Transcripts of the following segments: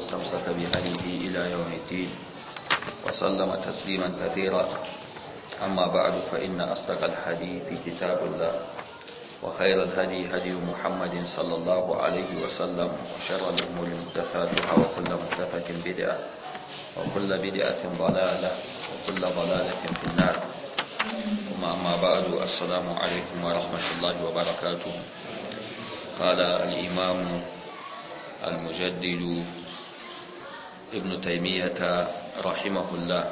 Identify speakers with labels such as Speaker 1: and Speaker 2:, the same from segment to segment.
Speaker 1: واستمسك بهديه إلى يوم الدين وسلم تسليما كثيرا أما بعد فإن أصدق الحديث كتاب الله وخير الهدي هدي محمد صلى الله عليه وسلم وشر الأمور محدثاتها وكل محدثة بدعة وكل بدعة ضلالة وكل ضلالة في النار ثم أما بعد السلام عليكم ورحمة الله وبركاته قال الإمام المجدد ابن تيمية رحمه الله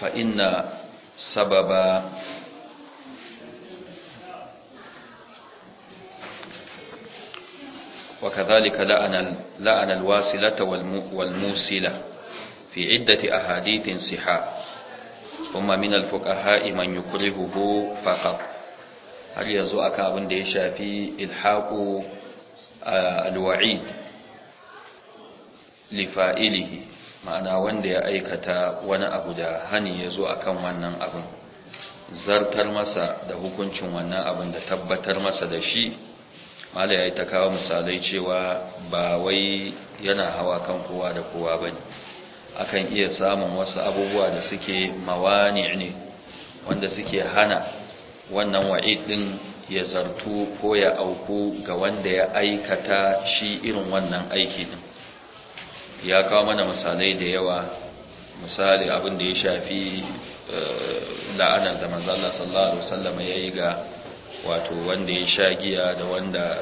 Speaker 1: فإن سبب وكذلك لأن, لأن الواسلة والموسلة في عدة أحاديث صحاء ثم من الفقهاء من يكرهه فقط هل يزوء كابن ديشا في الحاق آه، الوعيد lifa'ilihi ma'ana wanda ya aikata wani abu da hani ya zo a kan wannan abin zartar masa da hukuncin wannan abin da tabbatar masa da shi mala ya yi ta kawo misalai cewa ba wai yana hawa kan kowa da kowa ba ne akan iya samun wasu abubuwa da suke mawani ne wanda suke hana wannan wa'id din ya zartu ko ya auku ga wanda ya aikata shi irin wannan aiki din ya kawo mana misalai da yawa misali abin da ya shafi eh, la'anar da manzala sallallahu alaihi wasallam ya yi ga wato wanda ya sha giya da wanda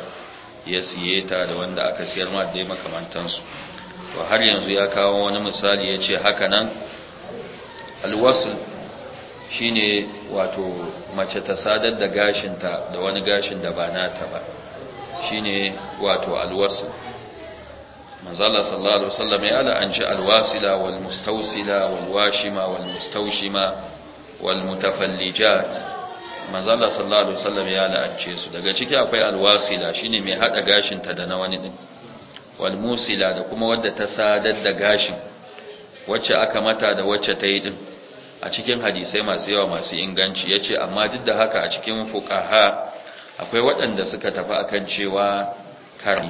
Speaker 1: ya siye ta da wanda aka siyar ma da makamantansu to har yanzu ya kawo wani misali ya ce haka nan alwasul shine wato mace ta sadar da gashinta da wani gashin da ba nata ba shine wato alwasul manzala sallallahu alaihi wasallam ya la'anci alwasila wal mustausila wal washima wal mustawshima wal mutafallijat manzala sallallahu alaihi wasallam ya la'ance su daga ciki akwai alwasila shine mai hada gashin ta da na wani din wal musila da kuma wadda ta sadar da gashin wacce aka mata da wacce ta yi din a cikin hadisai masu yawa masu inganci ya ce amma duk da haka a cikin fuqaha akwai waɗanda suka tafi akan cewa kari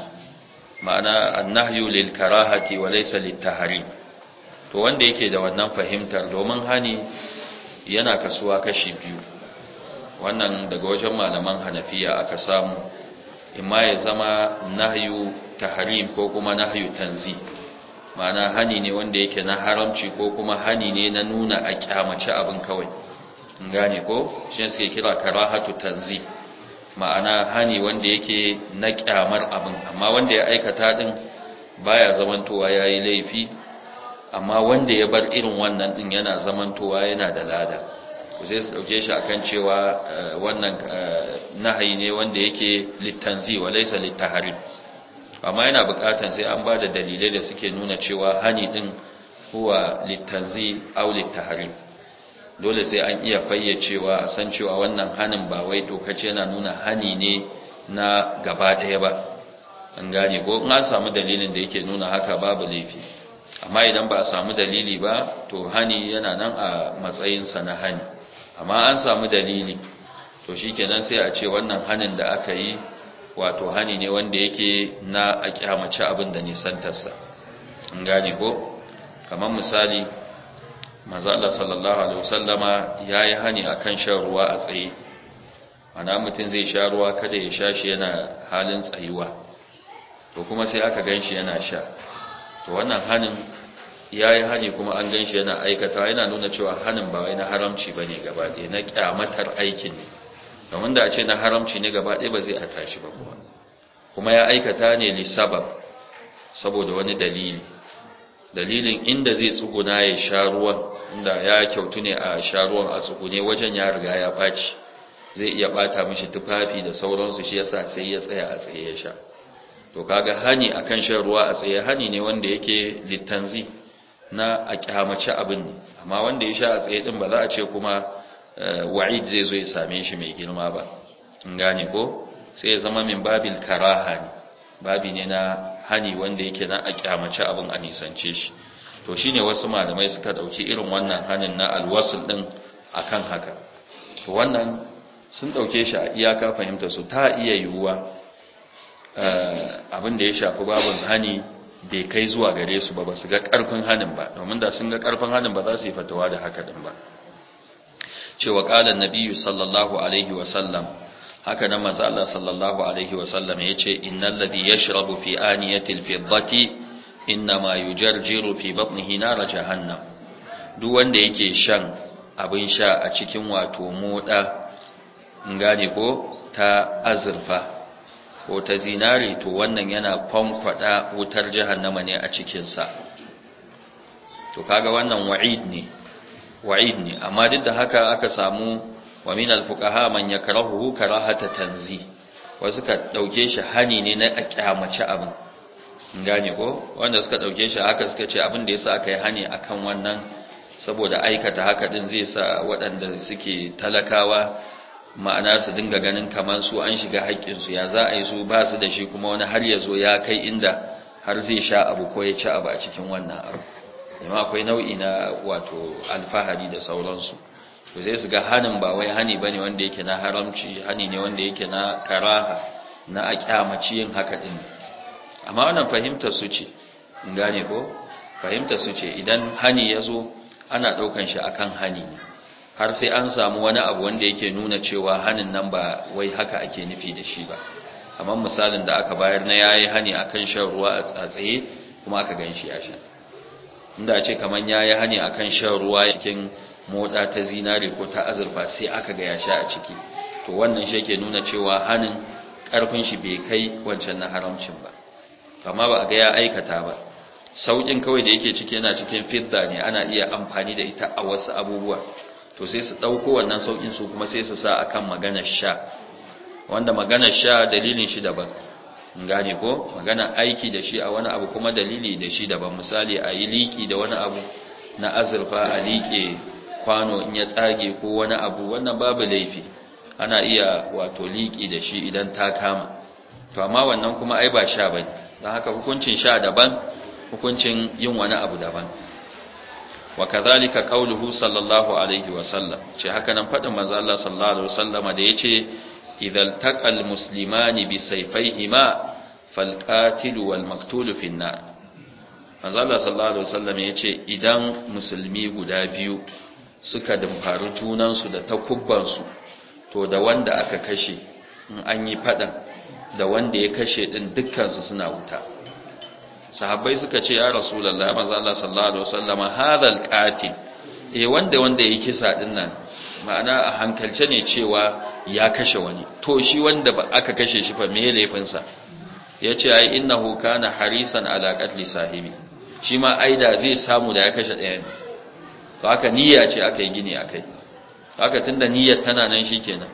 Speaker 1: ma'ana annahyu lil karahati wa laysa lit tahrim to wanda yake da wannan fahimtar domin hani yana kasuwa kashi biyu wannan daga wajen malaman hanafiya aka samu imma ya zama nahyu tahrim ko kuma nahyu tanzi ma'ana hani ne wanda yake na haramci ko kuma hani ne na nuna a kyamaci abin kawai gane ko shi suke kira karahatu tanzi ma'ana hani wanda yake na kyamar abin amma wanda ya aikata din baya zamantowa yayi laifi amma wanda ya bar irin wannan din yana zamantowa yana da lada sai su dauke shi akan cewa eh, wannan eh, nahayi ne wanda yake litanzi wa laysa littaharin amma yana bukatan sai an bada dalilai da suke nuna cewa hani din huwa litanzi aw littaharin dole sai an iya fayyacewa a san cewa wannan hanin ba wai dokace yana nuna hani ne na gaba ɗaya ba an gane ko in an samu dalilin da yake nuna haka babu laifi amma idan ba a samu dalili ba to hani yana nan a matsayinsa na hani amma an samu dalili to shi kenan sai a ce wannan hanin da aka yi wato hani ne wanda yake na a kyamaci abin da nisantarsa an gane ko kamar misali manzo Allah sallallahu alaihi wasallama yayi hani akan shan ruwa a tsaye ana mutum zai sha ruwa kada ya sha shi yana halin tsayuwa to kuma sai aka ganshi yana sha to wannan hanin yayi hani kuma an ganshi yana aikata yana nuna cewa hanin ba wai na haramci bane gaba ɗaya na kyamatar aikin ne domin da a ce na haramci ne gaba ɗaya ba zai a tashi ba kuma kuma ya aikata ne li sabab saboda wani dalili dalilin inda zai tsuguna ya sha ruwan inda ya kyautu ne a sha ruwan a tsugune wajen ya riga ya ɓaci zai iya ɓata mishi tufafi da sauransu shi yasa sai ya tsaya a tsaye ya sha to kaga hani akan shan ruwa a tsaye hani ne wanda yake littanzi na a kyamaci abin ne amma wanda ya sha a tsaye din ba za a ce kuma eh, wa'id zai zo ya same shi mai girma ba in gane ko sai ya zama min babil karaha ne babi ne na hani wanda yake na a kyamace abin a nisance shi to shine wasu malamai suka dauki irin wannan hanin na alwasul din akan haka to wannan sun dauke shi a iyaka fahimta su ta iya yiwuwa eh, abin da ya shafi babin hani bai kai zuwa gare su ba ba su ga karfin hanin ba domin da sun ga karfin hanin ba za su yi fatawa da haka din ba cewa kalan nabiyyu sallallahu alaihi wa sallam haka nan manzo Allah sallallahu alaihi wasallam yace innal ladhi yashrabu fi aniyati al-fiddati inma yujarjiru fi batnihi nar jahannam duk wanda yake shan abin sha a cikin wato moda ngane ko ta azurfa ko ta zinari to wannan yana kwankwada wutar jahannama ne a cikin sa to kaga wannan wa'id ne wa'id ne amma duk da haka aka samu wa min al-fuqaha man yakrahu karahata tanzi wa suka dauke shi hani ne na kyamaci abin ngane ko wanda suka dauke shi haka suka ce abin da yasa aka yi hani akan wannan saboda aikata haka din zai sa waɗanda suke talakawa ma'ana su dinga ganin kamar su an shiga su. ya za a yi su ba su da shi kuma wani har ya zo ya kai inda har zai sha abu ko ya ci abu a cikin wannan abu amma akwai nau'i na wato alfahari da sauransu to sai su ga hanin ba wai hani bane wanda yake na haramci hani ne wanda yake na karaha na a kyamaci yin haka din amma wannan fahimtar su ce in gane ko fahimtar su ce idan hani ya zo ana ɗaukan shi akan hani har sai an samu wani abu wanda yake nuna cewa hanin nan ba wai haka ake nufi da shi ba amma misalin da aka bayar na yayi hani akan shan ruwa a tsaye kuma aka ganshi shi a shan inda ce kamar yayi hani akan shan ruwa cikin moda ta zinare ko ta azurfa sai aka ga sha a ciki to wannan shi ke nuna cewa hannun ƙarfin shi bai kai wancan na haramcin ba amma ba a ga ya aikata ba sauƙin kawai da yake ciki yana cikin fidda ne ana iya amfani da ita a wasu abubuwa to sai su ɗauko wannan saukin su kuma sai su sa a kan sha wanda magana sha dalilin shi daban gane ko magana aiki da shi a wani abu kuma dalili da shi daban misali a yi liƙi da wani abu na azurfa a liƙe kwano in ya tsage ko wani abu wannan babu laifi ana iya wato liƙi da shi idan ta kama to amma wannan kuma ai ba sha bane don haka hukuncin sha daban hukuncin yin wani abu daban wa kadhalika qawluhu sallallahu alaihi wa sallam ce haka nan fadin manzo Allah sallallahu alaihi wa sallam, da yace idhal taqal muslimani bi sayfayhima qatil wal maqtulu fin nar manzo Allah sallallahu alaihi sallam yace idan musulmi guda biyu suka dimfari junansu da takubbansu to da wanda aka kashe in an yi fadan da wanda ya kashe din dukkansu suna wuta sahabbai suka ce ya rasulullahi manzo Allah sallallahu alaihi wasallam hadal qatil eh wanda wanda yake kisa din nan ma'ana a hankalce ne cewa ya kashe wani to shi wanda aka kashe shi fa me laifinsa yace ai innahu kana harisan ala qatli sahibi shi ma aida zai samu da ya kashe ɗaya to haka niyya ce aka yi gini akai haka tunda niyyar tana nan shikenan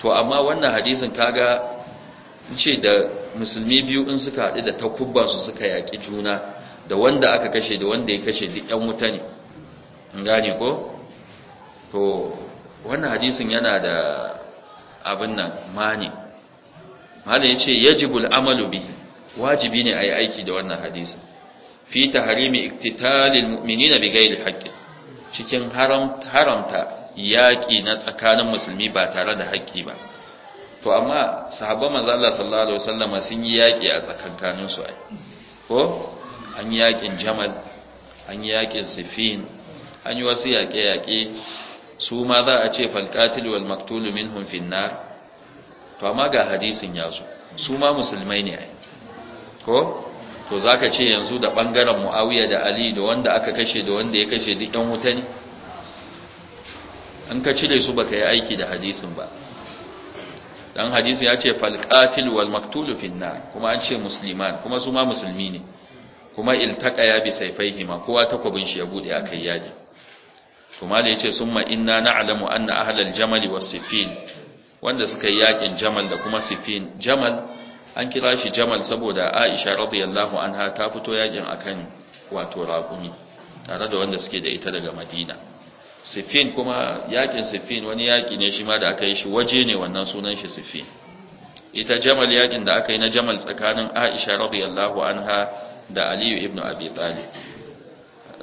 Speaker 1: to amma wannan hadisin kaga ce da musulmi biyu in suka haɗu da takubba su suka yaki juna da wanda aka kashe da wanda ya kashe duk ƴan wuta ne gane ko to wannan hadisin yana da abin nan mani malai yace yajibul amalu bi. wajibi ne ayi aiki da wannan hadisin fi tahrimi iktitalil mu'minina da haqqin cikin haramta yaƙi na tsakanin musulmi ba tare da haƙƙi ba to amma sahabban manzo Allah sallallahu alaihi wasallam sun yi yaƙi a tsakankanin su ai ko an yi yaƙin Jamal an yi yaƙin Siffin an yi wasu yaƙe-yaƙe su ma za a ce falqatil wal maqtul minhum finnar to amma ga hadisin yazo su ma musulmai ne ai ko to zaka ce yanzu da bangaren muawiya da ali da wanda aka kashe da wanda ya kashe duk yan wuta ne an ka cire su baka yi aiki da hadisin ba dan hadisi ya ce falqatil wal maktulu na? kuma an ce musulman kuma su ma musulmi ne kuma ya bi hima, kowa takwabin shi ya bude akai yadi kuma da yace ma inna na'lamu anna ahlal jamali wa sifin wanda suka yi yakin jamal da kuma sifin jamal an kira shi jamal saboda aisha radiyallahu anha ta fito yakin akan wato raguni, tare da wanda suke da ita daga madina Sifin kuma yakin sifin wani yaki ne shi ma da aka yi shi waje ne wannan sunan shi siffin ita jamal yakin da aka yi na jamal tsakanin aisha radiyallahu anha da aliyu ibn abi talib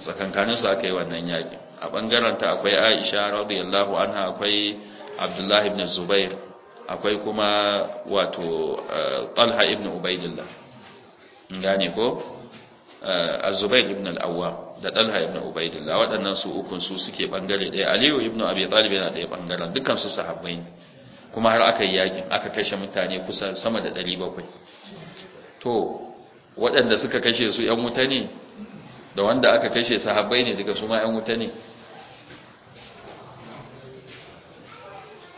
Speaker 1: tsakankanin su aka yi wannan yaki a bangaren ta akwai aisha radiyallahu anha akwai abdullahi ibn zubair akwai kuma wato eh, talha ibn ubaidillah gane ko eh, az-zubayr ibn al-awwam da talha ibn ubaidillah waɗannan su ukun su suke bangare ɗaya aliyu ibn abi talib yana ɗaya bangaren dukkan su sahabbai kuma har aka yi yakin aka kashe mutane kusan sama da 700 to waɗanda suka kashe su ƴan wuta ne da wanda aka kashe sahabbai ne daga su ma ƴan wuta ne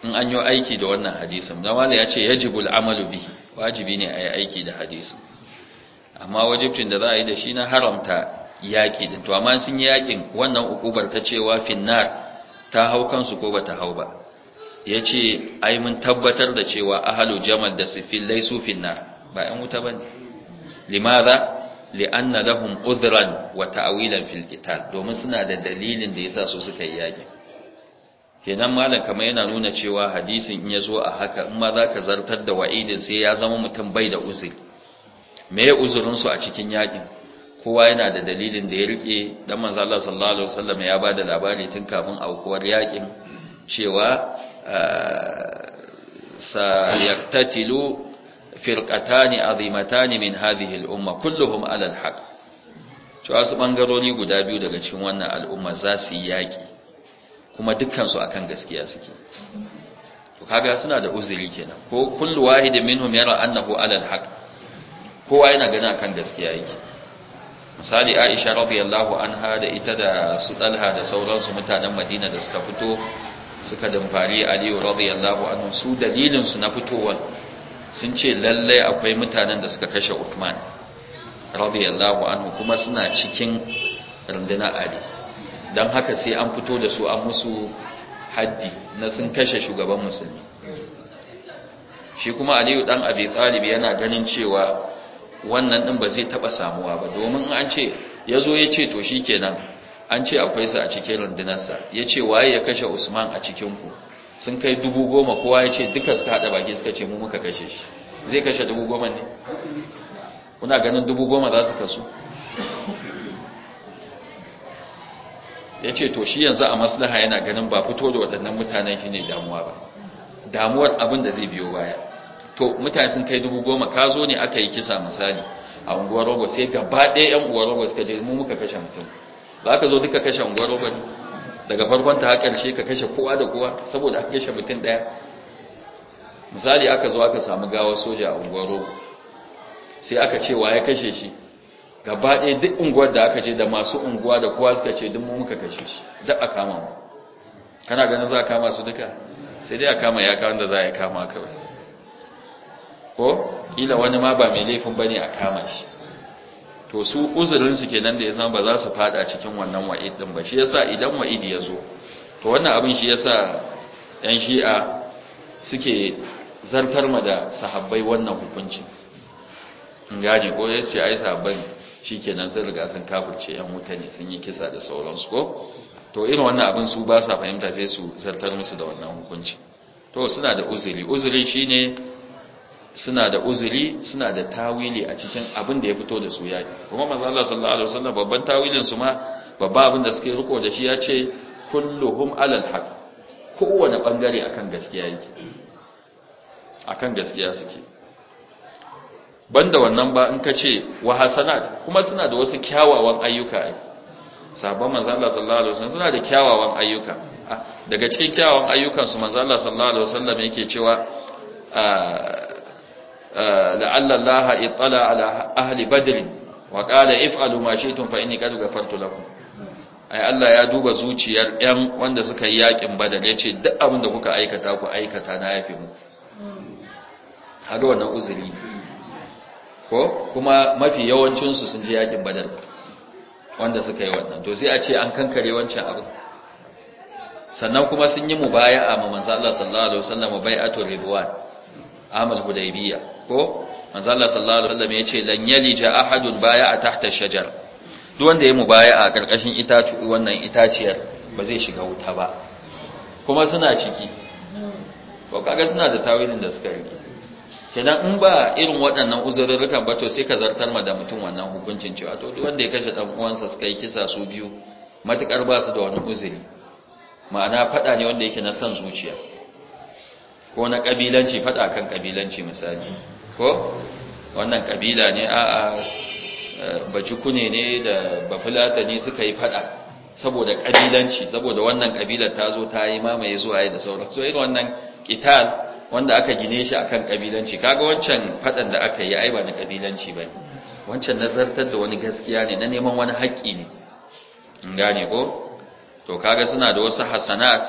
Speaker 1: in an yi aiki da wannan hadisin zamala ya ce yajibul amalu bihi wajibi ne a yi aiki da hadisin amma wajibcin da za a yi da shi na haramta yaƙi din to amma sun yi yaƙin wannan ukubar ta cewa finnar ta hau kansu ko bata hau ba ya ce ai mun tabbatar da cewa ahalu jamal da sifil su finnar ba ‘yan wuta ba ne limaza li'anna lahum udhran wa ta'awilan fil qital domin suna da dalilin da yasa su suka yi yaƙin kenan malam kamar yana nuna cewa hadisin in ya zo a haka in ma za ka zartar da wa'idin sai ya zama mutum bai da uzuri me ya uzurinsu a cikin yakin kowa yana da dalilin da ya rike dan manzo Allah sallallahu alaihi wasallam ya bada labari tun kafin aukuwar yakin cewa eh, sa yaktatilu firqatan azimatani min hadhihi al-umma kulluhum ala al-haq cewa su bangarori guda biyu daga cikin wannan al'umma za su yi yaki kuma dukkansu akan gaskiya suke to kaga suna da uzuri kenan ko kullu wahidin minhum yara annahu ala alhaq kowa yana gani akan gaskiya yake misali Aisha radiyallahu anha da ita da su Talha da sauransu mutanen Madina da suka fito suka damfari Aliyu radiyallahu anhu su dalilin su na fitowar sun ce lallai akwai mutanen da suka kashe Uthman radiyallahu anhu kuma suna cikin rundunar Ali don haka sai an fito da su an musu haddi na sun kashe shugaban musulmi shi kuma aliyu dan abi talib yana ganin cewa wannan din ba zai taba samuwa ba domin an ce ya zo ya ce to shi nan, an ce akwai su a cikin rundunarsa ya ce waye ya kashe usman a cikin ku sun kai dubu goma kowa ya ce duka suka haɗa baki suka ce mu muka kashe shi zai kashe dubu goma ne kuna ganin dubu goma za su kasu ya ce to shi yanzu a maslaha yana ganin ba fito da waɗannan mutanen shi ne damuwa ba damuwar abin da zai biyo baya to mutane sun kai dubu goma ka zo ne aka yi kisa misali a unguwar rogo sai gaba ɗaya yan unguwar rogo suka je mu muka kashe mutum ba ka zo duka kashe unguwar rogo daga farkon ta shi ka kashe kowa da kowa saboda aka kashe mutum ɗaya misali aka zo aka samu gawar soja a unguwar rogo sai aka ce wa ya kashe shi gaba ɗaya duk unguwar da aka je da masu unguwa da kowa suka ce mu muka kashe shi duk a kama mu kana ganin za a kama su duka sai dai a kama ya kawo da za a kama kawai ko kila wani ma ba mai laifin ba ne a kama shi to su uzurinsu nan da ya zama ba za su fada cikin wannan wa'id din ba shi yasa idan wa'id ya zo to wannan abin shi yasa yan shi'a suke zartar ma da sahabbai wannan hukuncin in gane ko ya ce ai sahabbai kenan sun riga sun kafirce yan wuta ne sun yi kisa da sauransu ko to irin wannan abin su ba sa fahimta sai su zartar musu da wannan hukunci to suna da uzuri uzuri shine suna da uzuri suna da tawili a cikin abin da ya fito da su yi kuma manzo Allah sallallahu alaihi babban tawilin su ma babba abin da suke riko da shi ya ce kulluhum alal haq kowane bangare akan gaskiya yake akan gaskiya suke banda wannan ba in ka ce wa hasanat kuma suna da wasu kyawawan ayyuka ai sahabban manzo Allah sallallahu alaihi wasallam suna da kyawawan ayyuka ah, daga cikin kyawawan ayyukan su manzo Allah sallallahu alaihi wasallam yake cewa ah, ah, la'alla Allah ittala ala ahli badr wa qala if'alu ma shi'tum fa inni qad ghafartu lakum ai Allah ya duba zuciyar ɗan wanda suka yi yakin badar yace duk abin da kuka aikata ku aikata na yafe muku Har wannan uzuri ko kuma mafi yawancinsu sun je yakin badar wanda suka yi wannan to sai a ce an kankare wancan abu sannan kuma sun yi a ma manzo Allah sallallahu alaihi wasallam bai'atu ridwan amal hudaybiya ko manzo Allah sallallahu alaihi wasallam yace lan yalija ahadun baya'a tahta shajar duk wanda ya mubaya'a karkashin itatu wannan itaciyar ba zai shiga wuta ba kuma suna ciki ko kaga suna da tawilin da suka yi kenan in ba irin waɗannan uzurrukan ba to sai ka zartar ma da mutum wannan hukuncin cewa to duk wanda ya kashe dan uwansa suka yi kisa su biyu matukar ba su da wani uzuri ma'ana fada ne wanda yake na san zuciya ko na kabilanci fada kan kabilanci misali ko wannan kabila ne a'a eh, bajukune ne da ne suka yi fada saboda kabilanci saboda wannan kabilar ta zo ta yi mamaye zuwa yi da sauransu. irin wannan ƙital? wanda aka gine shi akan kabilanci kaga wancan fadan da aka yi ai ba na kabilanci bane wancan nazartar da wani gaskiya ne na neman wani haƙƙi ne in gane ko to kaga suna da wasu hasanat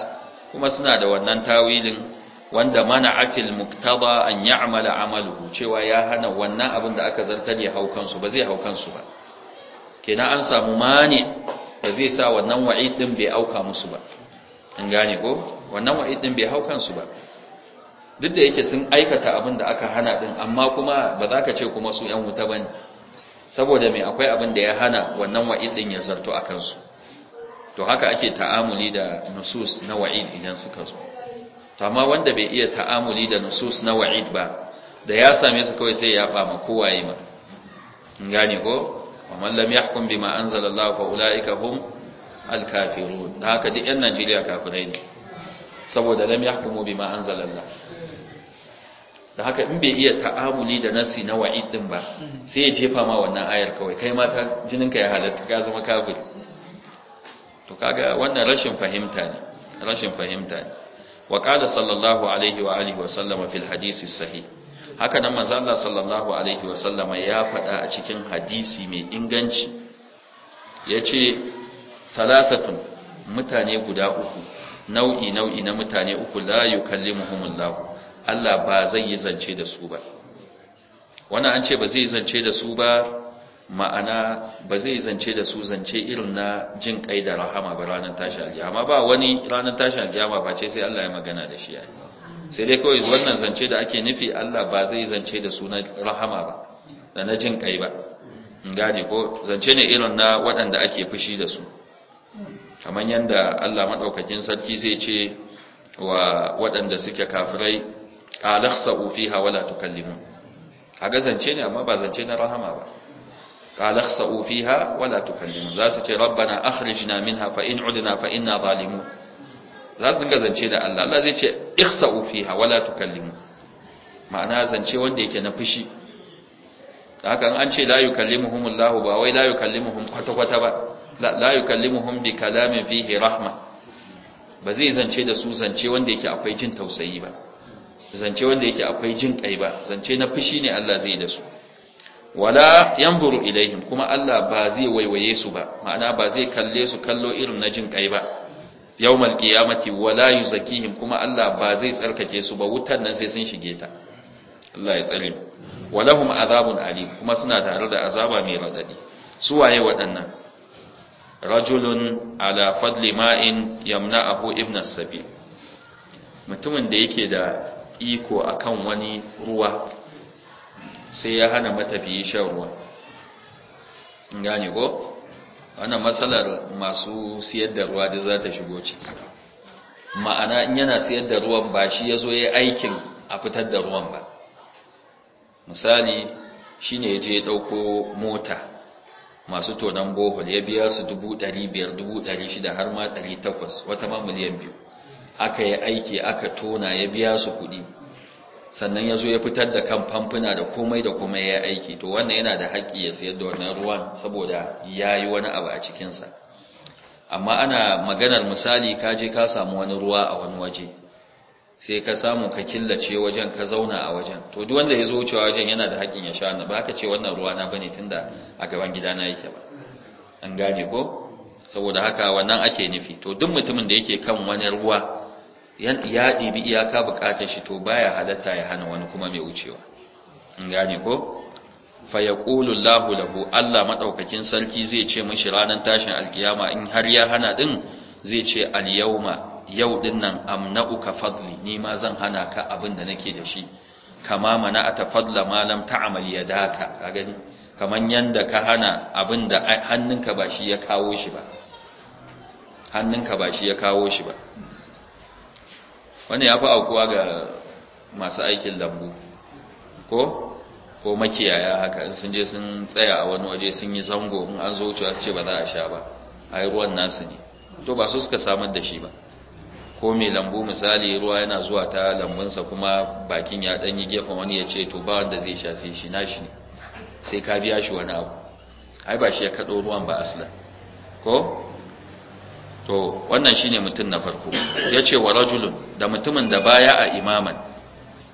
Speaker 1: kuma suna da wannan tawilin wanda mana'atil muktaba an ya'mala amalu cewa ya hana wannan abin da aka zartar ya hau kansu ba zai hau kansu ba kenan an samu mani da zai sa wannan wa'id din bai auka musu ba in gane ko wannan wa'id din bai hau kansu ba duk da yake sun aikata abin da aka hana din amma kuma ba za ka ce kuma su ‘yan wuta ba ne saboda mai akwai abin da ya hana wannan wa'id din ya zarto a kansu to haka ake ta'amuli da nusus na wa'id idan suka zo to amma wanda bai iya ta'amuli da nusus na wa'id ba da ya same su kawai sai ya ba ma kowaye ma gane ko wa man lam yahkum bima Allah fa ulaika hum al-kafirun haka duk yan Najeriya kafirai ne saboda lam yahkumu bima Allah da haka in bai iya ta'amuli da nasi na wa'id din ba sai ya jefa ma wannan ayar kawai kai ma ka ya halatta ka zama kafiri to kaga wannan rashin fahimta ne rashin fahimta ne wa qala sallallahu alaihi wa alihi wa sallama fil hadisi sahih haka nan manzo Allah sallallahu alaihi wa sallama ya faɗa a cikin hadisi mai inganci yace talatatun mutane guda uku nau'i nau'i na mutane uku la yukallimuhumullahu Allah ba zai yi zance da su ba wani an ce ba zai yi zance da su ba ma'ana ba zai yi zance da su zance irin na jin kai da rahama ba ranar tashi alkiyama ba wani ranar tashi alkiyama ba ce sai Allah ya magana da shi yayi sai dai kawai wannan zance da ake nufi Allah ba zai yi zance da su na rahama ba da na jin kai ba gane ko zance ne irin na waɗanda ake fushi da su kamar yadda Allah maɗaukakin sarki zai ce wa waɗanda suke kafirai qalakhsa'u fiha wala tukallimun kaga zance ne amma ba zance na rahama ba qalakhsa'u fiha wala tukallimun za su ce rabbana akhrijna minha fa in udna fa inna zalimun za su dinga zance da Allah Allah zai ce ikhsa'u fiha wala tukallimun ma'ana zance wanda yake na fushi haka an ce la lahu ba wai la yukallimuhum kwata-kwata ba la yukallimuhum bi kalamin fihi rahma ba zai zance da su zance wanda yake akwai jin tausayi ba zance wanda yake akwai jin kai ba zance na fushi ne Allah zai da su wala yanzuru ilaihim kuma Allah ba zai waiwaye su ba ma'ana ba zai kalle su kallo irin na jin kai ba yawmal qiyamati wala yuzakihim kuma Allah ba zai tsarkake su ba wutan nan sai sun shige ta Allah ya tsare walahum azabun alim kuma suna tare da azaba mai radadi su waye waɗannan rajulun ala fadli ma'in yamna'ahu ibn as-sabil mutumin da yake da iko akan wani ruwa sai ya hana matafiyi shan ruwa gane ko wannan matsalar masu siyar da ruwa da za ta shigo ciki ma'ana in yana siyar da ruwan ba shi ya zo ya aikin a fitar da ruwan ba misali shi ne je ɗauko mota masu tonon bohol ya biya su 500,000 shida, har ma 800 wata ma miliyan biyu aka yi aiki aka tona ya biya su kuɗi sannan ya zo ya fitar da kan famfuna da komai da kuma ya aiki to wannan yana da haƙƙi ya sayar da wannan ruwan saboda ya yi wani abu a cikinsa amma ana maganar misali ka je ka samu wani ruwa a wani waje sai ka samu ka killace wajen ka zauna a wajen to duk wanda ya zo wucewa wajen yana da haƙƙin ya sha wannan ba ka ce wannan ruwa na bane tunda a gaban gidana yake ba an gane ko saboda haka wannan ake nufi to duk mutumin da yake kan wani ruwa ya ɗibi iyaka bukatar shi to baya halatta ya hana wani kuma mai wucewa in gane ko fa yaqulu Allahu lahu Allah madaukakin sarki zai ce mishi ranar tashin alkiyama in har ya hana din zai ce al yawma yau din nan uka fadli ni ma zan hana ka abin da nake da shi kama mana ata fadla ma lam ta'mal yadaka ka gani kaman yanda ka hana abin da hannunka ba shi ya kawo shi ba hannunka ba shi ya kawo shi ba wannan ya fi aukuwa ga masu aikin lambu ko ko makiyaya haka in sun je sun tsaya a wani waje sun yi zango in an zo wucewa su ce ba za a sha ba a yi ruwan nasu ne to ba su suka samar da shi ba ko mai lambu misali ruwa yana zuwa ta lambunsa kuma bakin ya ɗanyi gefen wani ya ce to ba wanda zai sha sai shi nashi ne sai ka biya shi wani abu ai ba shi ya kaɗo ruwan ba asila ko to wannan shine mutum na farko yace wa rajulun da mutumin da baya a imaman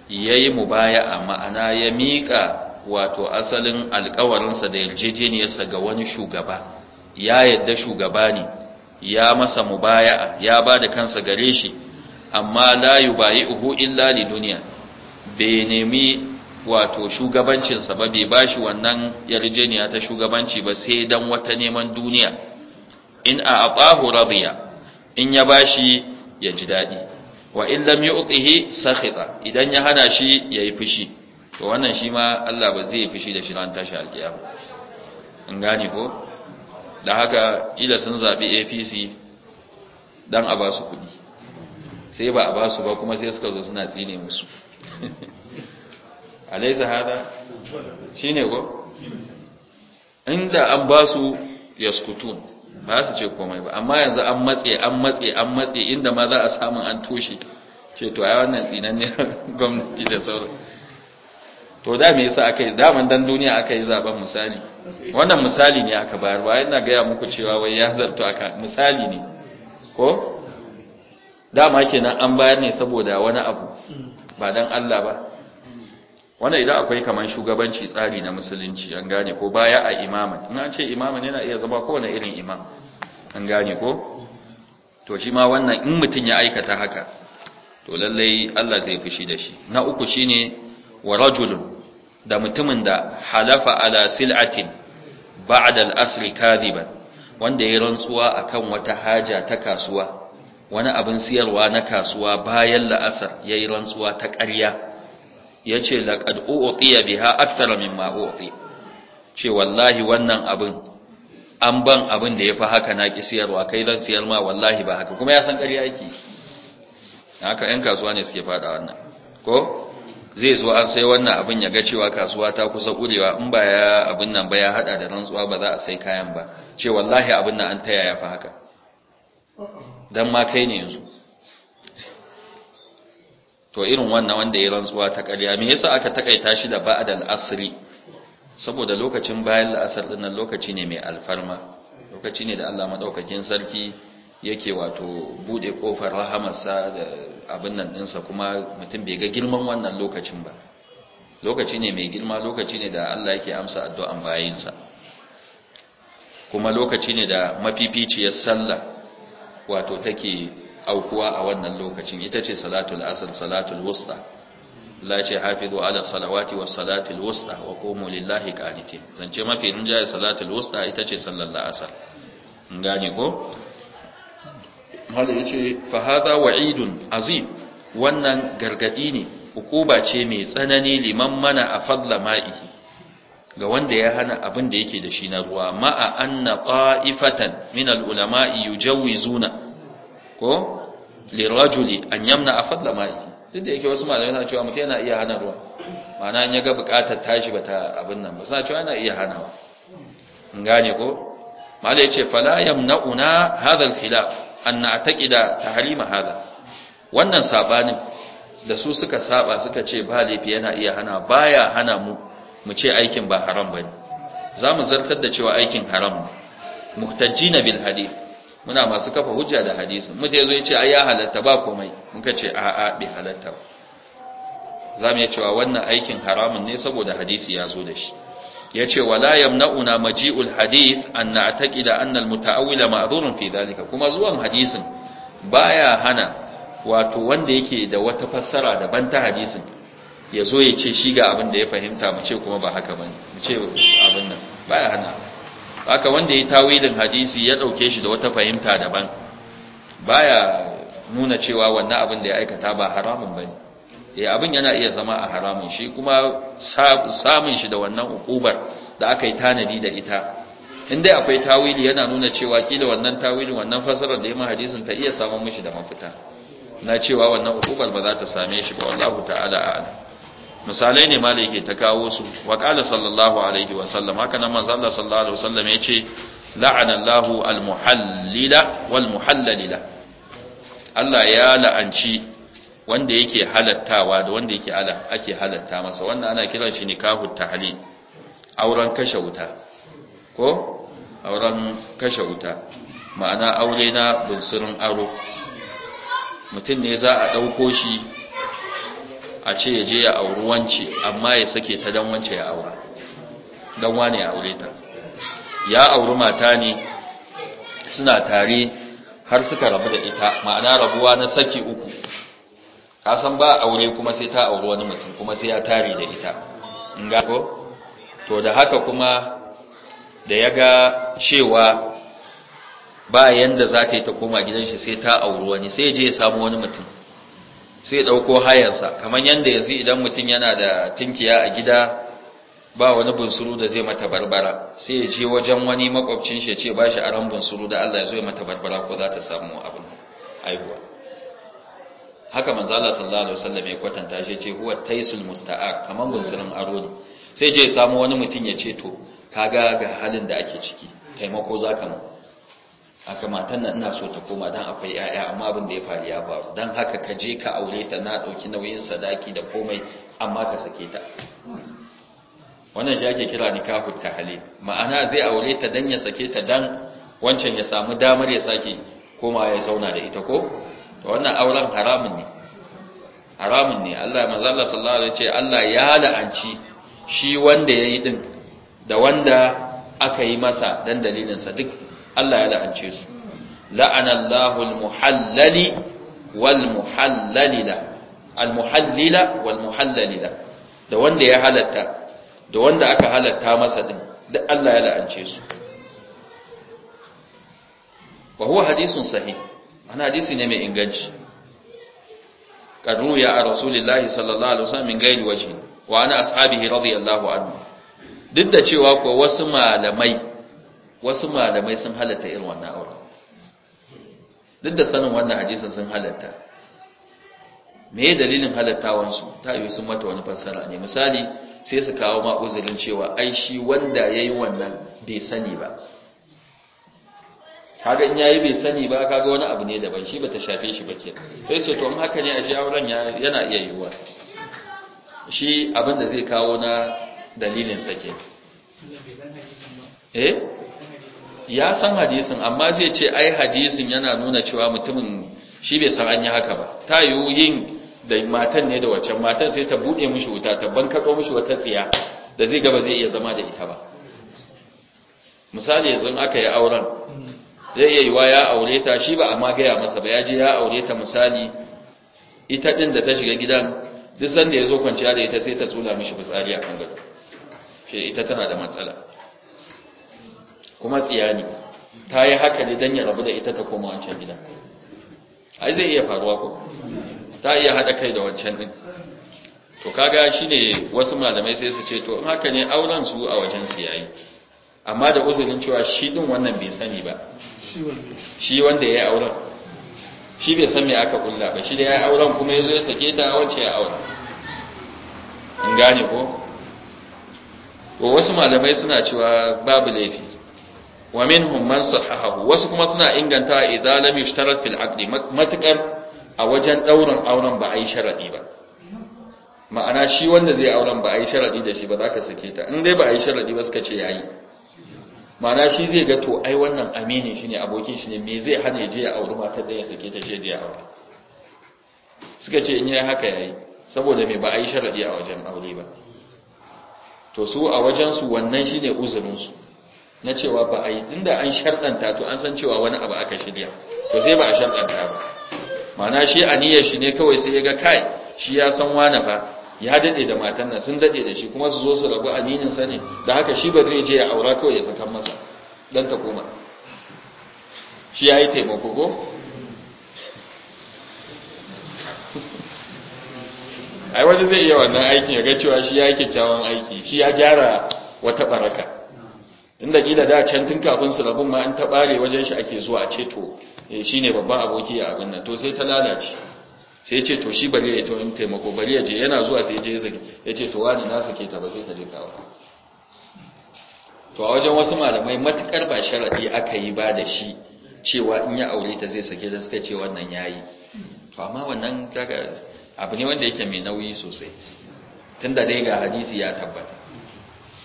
Speaker 1: yayi mubaya'a ma'ana ya miƙa wato asalin sa da yarjejeniyarsa ga wani shugaba ya yadda shugaba ne ya masa mubaya'a ya ba da kansa gare shi amma la yubayi'uhu illa li duniya bai nemi wato shugabancinsa ba bai bashi wannan yarjejeniya ta shugabanci ba sai dan wata neman duniya in a atahu radiya in ya bashi ya ji dadi wa in lam yu'tihi sakhita idan ya hana shi yayi fushi to wannan shi ma Allah ba zai fushi da shi ran tashi alkiyama in gane ko da haka ila sun zabi APC dan a ba su kudi sai ba a ba su ba kuma sai suka zo suna tsine musu alaysa hada shine ko inda an basu su yaskutun ba su ce komai ba amma yanzu an matse an matse an matse inda ma za a samu an toshe ce to ai wannan tsinan ne gwamnati da sauran to da me yasa aka yi daman dan duniya aka yi zaben misali wannan misali ne aka bayar ba ina gaya muku cewa wai ya zarto aka misali ne ko dama kenan an bayar ne saboda wani abu ba dan Allah ba wannan idan akwai kaman shugabanci tsari na musulunci an gane ko baya a imaman in an ce imaman yana iya zama kowane irin imam an gane ko to shi ma wannan in mutum ya aikata haka to lallai Allah zai fushi da shi na uku shine wa rajulun da mutumin da halafa ala sil'atin ba'da al asr kadiban wanda ya rantsuwa akan wata haja ta kasuwa wani abin siyarwa na kasuwa bayan la'asar yayi rantsuwa ta ƙarya ya ce laƙad u'utiya biha akthara mimma u'ti ce wallahi wannan abin an ban abin da ya fi haka na ƙi siyarwa kai zan siyar ma wallahi ba haka kuma ya san ƙarya yake haka 'yan kasuwa ne suke faɗa wannan ko zai zo an sai wannan abin ya ga cewa kasuwa ta kusa ƙurewa in ba ya abin nan ba ya haɗa da rantsuwa ba za a sai kayan ba ce wallahi abin nan an taya ya fi haka don ma kai ne yanzu to irin wannan wanda ya rantsuwa ta ƙarya me yasa aka takaita shi da al asri saboda lokacin bayan la'asar din nan lokaci ne mai alfarma lokaci ne da Allah madaukakin sarki yake wato bude kofar rahamarsa da abin nan dinsa kuma mutum bai ga girman wannan lokacin ba lokaci ne mai girma lokaci ne da Allah yake amsa addu'an bayinsa kuma lokaci ne da mafificiyar sallah wato take aukuwa a wannan lokacin ita ce salatul asr salatul wusta la ce hafizu ala salawati was salatul wusta wa qumu lillahi qanitin zance mafi rinjaye salatul wusta ita ce sallar la'asar gane ko hada yace fa hada wa'idun azim wannan gargadi ne hukuba ce mai tsanani liman mana a fadla ma'ihi ga wanda ya hana abin da yake da shi na ruwa ma'a anna qa'ifatan min al-ulama'i yujawizuna ko lirajuli an yamna a fadla ma'i duk da yake wasu malamai suna cewa mutum yana iya hana ruwa ma'ana in ya ga bukatar tashi ba ta abin nan ba suna cewa yana iya hanawa in gane ko malai ce fala yamna'una a al-khilaf an na'taqida tahrima hada, wannan sabanin da su suka saba suka ce ba laifi yana iya hana baya hana mu mu ce aikin ba haram bane zamu zartar da cewa aikin haram muhtajjina bil hadith muna masu kafa hujja da hadisi mutum ya zo ya ce ai ya halatta ba komai muka ce a'a bai halatta ba za mu iya cewa wannan aikin haramun ne saboda hadisi ya zo da shi yace ce wala yamna'una maji'ul hadith an na'taqida anna al-muta'awwila ma'dhurun fi dhalika kuma zuwan hadisin baya hana wato wanda yake da wata fassara daban ta hadisin yazo zo ya shi ga abin da ya fahimta mu ce kuma ba haka bane mu ce abin nan baya hana haka wanda ya tawilin hadisi ya dauke shi da wata fahimta daban baya nuna cewa wannan abin da ya aikata ba haramun bane eh abin yana iya zama a haramun shi kuma samun shi da wannan ukubar da aka yi tanadi da ita in dai akwai tawili yana nuna cewa kila wannan tawilin wannan fasarar da ya ma hadisin ta iya samun mishi da mafita na cewa wannan ukubar ba za ta same shi ba wallahu ta'ala a'lam misalai ne malai ta kawo su wa qala sallallahu alaihi wa sallam haka nan manzo Allah sallallahu alaihi wa sallam yace la'ana Allahu al-muhallila wal muhallalila Allah ya la'anci wanda yake halattawa da wanda yake ala ake halatta masa wannan ana kiran shi nikahu tahli auren kashe wuta ko auren kashe wuta ma'ana aure na bunsurin aro mutum ne za a ɗauko shi a ce ya je ya auri wance amma ya sake ta dan wance ya aura dan wane ya aure ta ya auri mata ne suna tare har suka rabu da ita ma'ana rabuwa na saki uku Ka san ba aure kuma sai ta auri wani mutum kuma sai ya tare da ita in ga ko to da haka kuma da ya ga cewa ba yanda za ta yi ta koma gidan shi sai ta auri wani sai je ya samu wani mutum sai dauko hayansa kamar yadda yanzu idan mutum yana da tinkiya a gida ba wani bunsuru da zai mata barbara sai ya je wajen wani makwabcin shi ce ba shi aran bunsuru da Allah ya zo ya mata barbara ko za ta samu abin aihuwa haka manzo Allah sallallahu alaihi wasallam ya kwatanta shi ce huwa taisul musta'ar kamar bunsurin aro ne sai je ya samu wani mutum ya ce to kaga ga halin da ake ciki taimako zaka mu haka matan nan ina so ta koma dan akwai yaya amma abin da ya faru ya faru dan haka ka je ka aure ta na dauki nauyin sadaki da komai amma ka sake ta wannan shi ake kira nikahu tahlil ma'ana zai aure ta dan ya sake ta dan wancan ya samu damar ya sake koma ya sauna da ita ko to wannan auren haramun ne haramun ne Allah mazalla sallallahu alaihi ce Allah ya la'anci shi wanda yayi din da wanda aka yi masa dan sa duk Allah ya la'ance su la'anallahu muhallali wal muhallalila muhallila wal muhallalila da wanda ya halatta da wanda aka halatta masa din duk Allah ya la'ance su wa huwa hadisun sahih ana hadisi ne mai inganci kadru ya rasulullahi sallallahu alaihi wasallam min gairi waje wa ana ashabihi radiyallahu anhu duk da cewa ko wasu malamai wasu malamai sun halatta irin wannan auren duk da sanin wannan hadisin sun halatta me ya dalilin halattawansu ta yi sun mata wani fassara ne misali sai su kawo ma uzurin cewa ai shi wanda ya yi wannan bai sani ba kaga in yayi bai sani ba kaga wani abu ne daban shi bata shafe shi ba kenan sai ce to haka ne ashe auren yana iya yiwuwa shi abin da zai kawo na dalilin sake eh ya san hadisin amma zai ce ai hadisin yana nuna cewa mutumin shi bai san an yi haka ba ta yiwu yin da matan ne da waccan matan sai ta buɗe mishi wuta ta bankaɗo mishi wata tsiya da zai gaba zai iya zama da ita ba misali yanzu aka yi auren zai iya yiwa ya aure ta shi ba amma gaya masa ba ya je ya aure ta misali ita ɗin da ta shiga gidan duk sanda ya zo kwanciya da ita sai ta tsula mishi fitsari a kan gado shi ita tana da matsala kuma tsiyani ta yi haka ne don ya rabu da ita ta koma wancan gida ai zai iya faruwa ko ta iya haɗa kai da wancan ɗin to kaga shine wasu malamai sai su ce to in haka ne auren su a wajen su yayi amma da uzurin cewa shi din wannan bai sani ba shi wanda ya yi auren shi bai san me aka kulla ba shi da ya yi auren kuma ya zo ya sake ta wacce ya aure in gane ko wasu malamai suna cewa babu laifi wa minhum man sahahahu wasu kuma suna inganta a lam yushtarat fil aqdi matakar a wajen ɗaurin auren ba ai sharadi ba ma'ana shi wanda zai auren ba ai sharadi da shi ba za ka sake ta in dai ba ai sharadi ba suka ce yayi ma'ana shi zai ga to ai wannan amini shi ne abokin shi ne me zai hana je ya auri matar da ya sake ta je ya auri? suka ce in yayi haka yayi saboda me ba ai sharadi a wajen aure ba to su a wajen su wannan shine uzurin su na cewa ba a yi inda an sharɗanta to an san cewa wani abu aka shirya to sai ba a sharɗanta ba mana shi aniyar shi ne kawai sai ya ga kai shi ya san wane fa ya daɗe da matan nan sun daɗe da shi kuma su zo su rabu sa ne da haka shi ba zai je ya aura kawai ya saka masa dan ta koma shi ya yi taimako go ai wani zai iya wannan aikin ya ga cewa shi ya yi kyakkyawan aiki shi ya gyara wata baraka tunda kila da can tun kafin su rabin ma an bare wajen shi ake zuwa a ce to eh, shi ne babban aboki a abin nan to sai ta lalace sai ce to shi bari ya yi taimako bari ya je yana zuwa sai je zage ya ce to wani na sake ta ba sai ka je kawo to a wajen wasu malamai matukar ba sharaɗi aka yi ba da shi cewa in ya aure ta zai sake da suka ce wannan ya yi to amma wannan daga abu ne wanda yake mai nauyi sosai tun da dai ga hadisi ya tabbata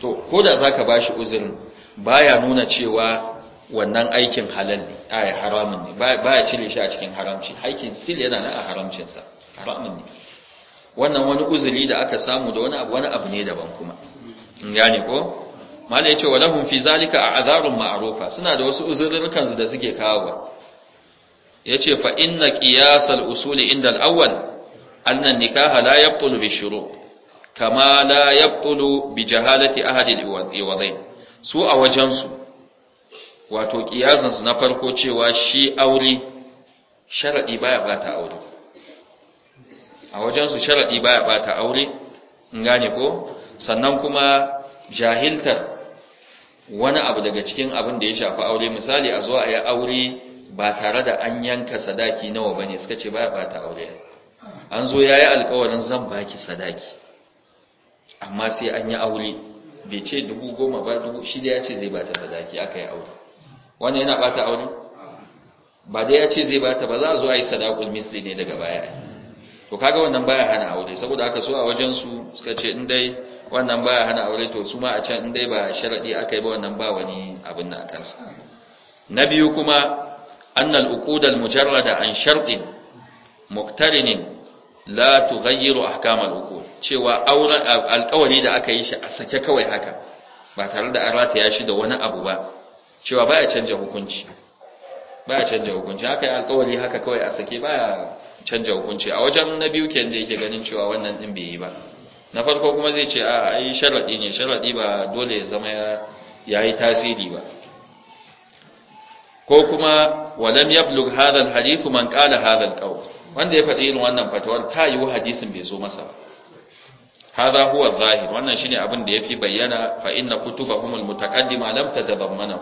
Speaker 1: to ko da za ka ba shi uzurin baya nuna cewa wannan aikin halal ne ai haramun ne baya cire shi a cikin haramci aikin sil yana nan a haramcinsa haramun ne wannan wani uzuri da aka samu da wani abu wani abu ne daban kuma in gane ko malai yace lahum fi zalika a'dharun ma'rufa suna da wasu uzurin su da suke kawo yace fa inna qiyasal usuli usul inda al-awwal annan nikaha la yabtulu bi shurut kama la yabtulu bi jahalati ahadil iwadai su a wajensu wato su na farko cewa shi aure sharadi baya bata aure a wajensu sharadi baya bata aure in gane ko sannan kuma jahiltar wani abu daga cikin abin da ya shafi aure misali a zo a yi aure ba tare da an yanka sadaki nawa bane suka ce baya bata aure an zo yayi alƙawarin zan baki sadaki amma sai an yi aure bai ce dubu goma ba dubu shi da ya ce zai bata sadaki aka yi aure wannan yana bata aure ba da ya ce zai bata ba za a zo a yi sadakul misli ne daga baya to kaga wannan baya hana aure saboda aka so a wajen su suka ce in dai wannan baya hana aure to su ma a can in dai ba sharadi aka yi ba wannan ba wani abin na kansa na biyu kuma annal uqudal mujarrada an shartin muqtarinin la tughayyiru ahkamal uqul cewa auren alƙawari da aka yi shi a sake kawai haka ba tare da arata ya shi da wani abu ba cewa baya canja hukunci baya canja hukunci haka yi alƙawari haka kawai a sake baya canja hukunci a wajen na biyu kenan da yake ganin cewa wannan din bai yi ba na farko kuma zai ce a ai sharadi ne sharadi ba dole ya zama ya yi tasiri ba ko kuma walam yablugh hadha halifu man kala hadha alqawl wanda ya faɗi irin wannan fatawar ta yi wa hadisin bai zo masa ba hadha huwa zahir wannan shine abin da yafi bayyana fa inna kutubahumul mutaqaddima lam tatabammana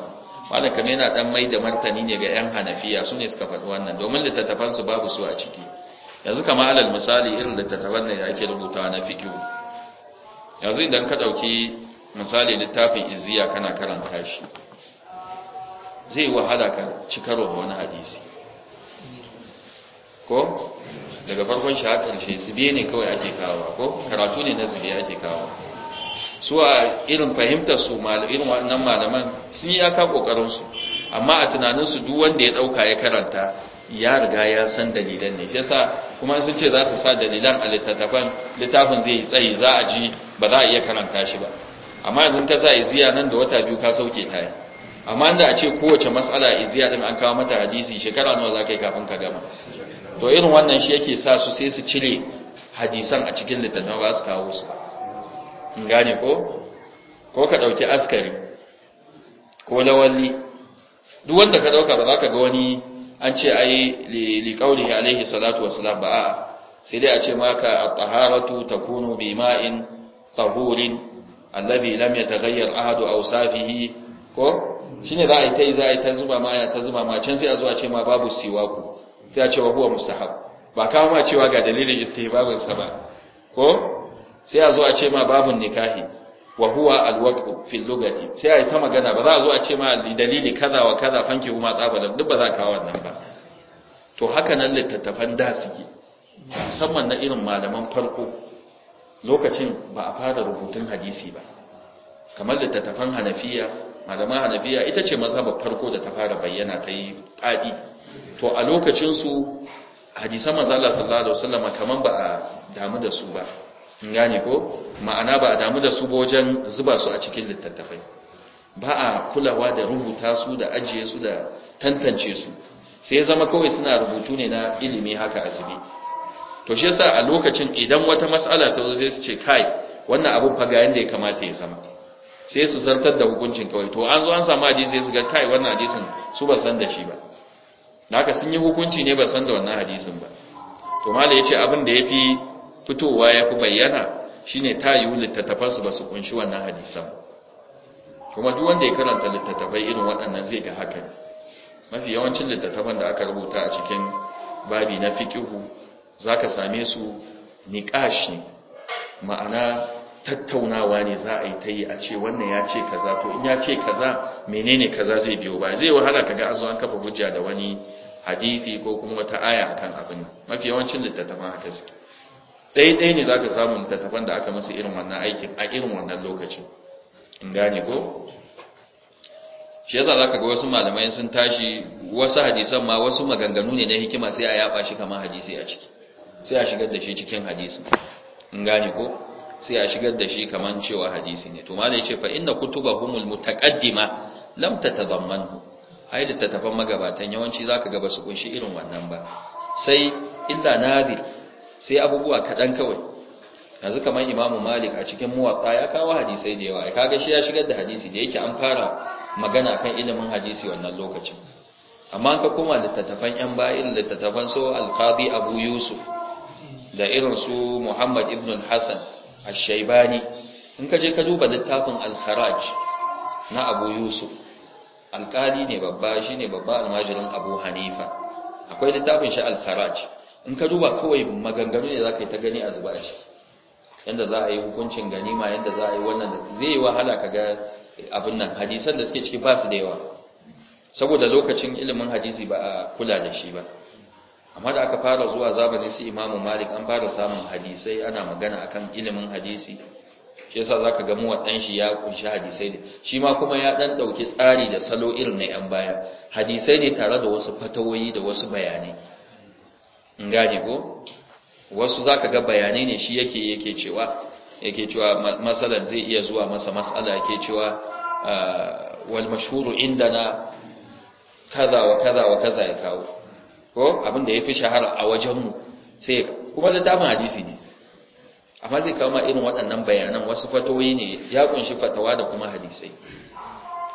Speaker 1: wannan kamar yana dan mai da martani ne ga yan hanafiya su ne suka faɗi wannan domin littattafan su babu su a ciki yanzu kama alal misali irin littattafan ne da ake rubutawa na fiqh yanzu idan ka dauki misali littafin izziya kana karanta shi zai wahala ka ci karo wani hadisi ko daga farkon shi a shi zube ne kawai ake kawo ko karatu ne na zube ake kawo su a irin fahimtar su irin wannan malaman sun yi aka kokarin su amma a tunanin su duk wanda ya dauka ya karanta ya riga ya san dalilan ne shi yasa kuma sun ce za su sa dalilan a littattafan littafin zai tsayi za a ji ba za a iya karanta shi ba amma yanzu ka sa iziya nan da wata biyu ka sauke ta amma da a ce kowace matsala iziya din an kawo mata hadisi shekara nawa za ka yi kafin ka gama to irin wannan shi yake sa su sai su cire hadisan a cikin littattafan ba su kawo su in gane ko ko ka ɗauki askari ko lawalli duk wanda ka ɗauka ba za ka ga wani an ce ai liƙauli alaihi salatu wasalam ba a sai dai a ce maka at-taharatu takunu bi ma'in tahurin allazi lam yataghayyar ahadu awsafihi ko shine za a yi ta yi za a yi ta zuba ma ya ta zuba ma can sai a zo a ce ma babu siwaku sai a ce huwa mustahab ba kawo ma cewa ga dalilin istihbabinsa ba ko sai a zo a ce ma babun nikahi wa huwa alwatu fil lugati sai a yi ta magana ba za a zo a ce ma dalili kaza wa kaza fanki huma tsabalan duk ba za ka wannan ba to haka nan littattafan da suke musamman na irin malaman farko lokacin ba a fara rubutun hadisi ba kamar littattafan hanafiya malaman hanafiya ita ce mazhabar farko da ta fara bayyana ta yi fadi to a lokacinsu hadisan manzala sallallahu alaihi wasallama kaman ba a damu da su ba in gane ko ma'ana ba a damu da su ba wajen zuba su a cikin littattafai ba a kulawa da rubuta su da ajiye su da tantance su sai zama kawai suna rubutu ne na ilimi haka azubi to shi yasa a lokacin idan wata mas'ala ta zo sai su ce kai wannan abun fa ga yanda ya kamata ya zama sai su zartar da hukuncin kawai to an zo an samu hadisi sai su ga kai wannan hadisin su ba san da shi ba da haka sun yi hukunci ne ba san da wannan hadisin ba to malai ce abin da ya fi fitowa ya fi bayyana shine ta yiwu littattafan su ba su kunshi wannan hadisan kuma duk wanda ya karanta littattafai irin waɗannan zai ga haka mafi yawancin littattafan da aka rubuta a cikin babi na za zaka same su niqash ma'ana tattaunawa ne za a yi ta yi a ce wannan ya ce kaza to in ya ce kaza menene kaza zai biyo ba zai wahala ga azu an kafa hujja da wani hadisi ko kuma wata aya akan abin mafi yawancin littattafan haka suke ɗaya ne za ka samu littattafan da aka musu irin wannan aikin a irin wannan lokacin in gane ko shi yasa za ka ga wasu malamai sun tashi wasu hadisan ma wasu maganganu ne na hikima sai a yaba shi kamar hadisi a ciki sai a shigar da shi cikin hadisi in gane ko sai a shigar da shi kaman cewa hadisi ne to malai ce fa inna kutubahumul mutaqaddima lam tatadammanhu ai da magabatan yawanci zaka ga basu kunshi irin wannan ba sai illa nadir sai abubuwa kadan kawai yanzu kamar imamu malik a cikin muwatta ya kawo hadisai da yawa ai kaga shi ya shigar da hadisi da yake an fara magana akan ilimin hadisi wannan lokacin amma ka koma littattafan yan ba'il tatafan so alqadi abu yusuf da irin su muhammad ibn al-hasan ash in ka je ka duba littafin al-kharaj na abu yusuf alkali ne babba ne babba almajirin abu hanifa akwai littafin shi al-kharaj in ka duba kawai maganganu ne ka yi ta gani a zuba a ciki za a yi hukuncin ganima yadda za a yi wannan zai yi wahala ga abin nan hadisan da suke ciki ba su da yawa saboda lokacin ilimin hadisi ba a kula da shi ba amma da aka fara zuwa zamanin su imamu malik an fara samun hadisai ana magana akan ilimin hadisi shi yasa zaka ga mu wadan shi ya kunshi hadisai ne shi ma kuma ya dan dauki tsari da salo irin na yan baya hadisai ne tare da wasu fatawoyi da wasu bayanai in gane ko wasu zaka ga bayanai ne shi yake yake cewa yake cewa masalan zai iya zuwa masa mas'ala yake cewa ah, wal mashhuru indana kaza wa kaza wa kaza ya kawo ko abin ya fi shahara a wajenmu sai kuma littafin hadisi ne amma zai kama irin waɗannan bayanan wasu fatoyi ne ya kunshi fatawa da kuma hadisai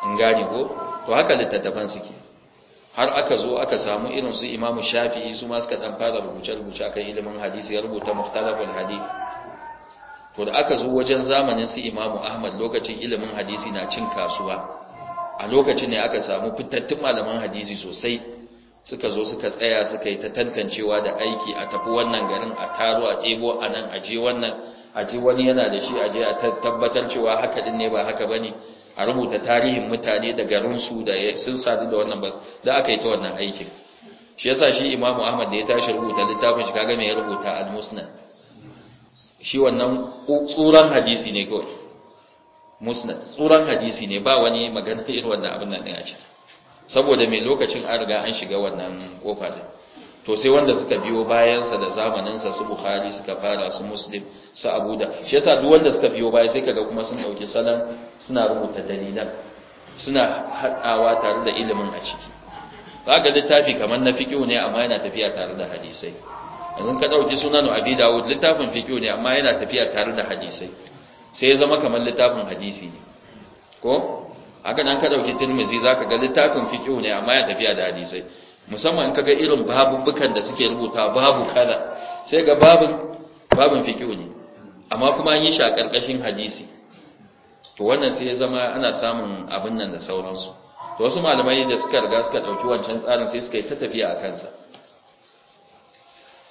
Speaker 1: in gane ko to haka littattafan suke har aka zo aka samu irin su imamu shafi'i su ma suka dan fara rubuce-rubuce akan ilimin hadisi ya rubuta muftalafin hadith to da aka zo wajen zamanin su imamu ahmad lokacin ilimin hadisi na cin kasuwa a lokacin ne aka samu fitattun malaman hadisi sosai suka zo suka tsaya suka yi ta tantancewa da aiki a tafi wannan garin a taro a ɗebo a nan a je wannan a je wani yana da shi a je a tabbatar cewa haka din ne ba haka bane a rubuta tarihin mutane da garinsu da sun sadu da wannan bas da aka yi ta wannan aikin shi yasa shi imamu ahmad da ya tashi rubuta littafin shi kaga me ya rubuta al-musnad shi wannan tsuran hadisi ne kawai musnad tsuran hadisi ne ba wani magana irin wannan abin nan din a ciki saboda mai lokacin an riga an shiga wannan kofa din to sai wanda suka biyo bayansa da zamaninsa su bukhari suka fara su muslim su abuda shi yasa duk wanda suka biyo baya sai kaga kuma sun dauki salon suna rubuta dalilan suna hadawa tare da ilimin a ciki Baga littafi kamar na fiqh ne amma yana tafiya tare da hadisai yanzu ka ɗauki sunan abi dawud littafin fiqh ne amma yana tafiya tare da hadisai sai ya zama kamar littafin hadisi ne ko haka nan ka dauki tirmizi zaka ga littafin fiqh ne amma ya tafiya da hadisai musamman in kaga irin babubukan da suke rubuta babu kaza sai ga babin babin fiqh ne amma kuma an yi shi a karkashin hadisi to wannan sai ya zama ana samun abin nan da sauransu to wasu malamai da suka riga suka dauki wancan tsarin sai suka yi ta tafiya a kansa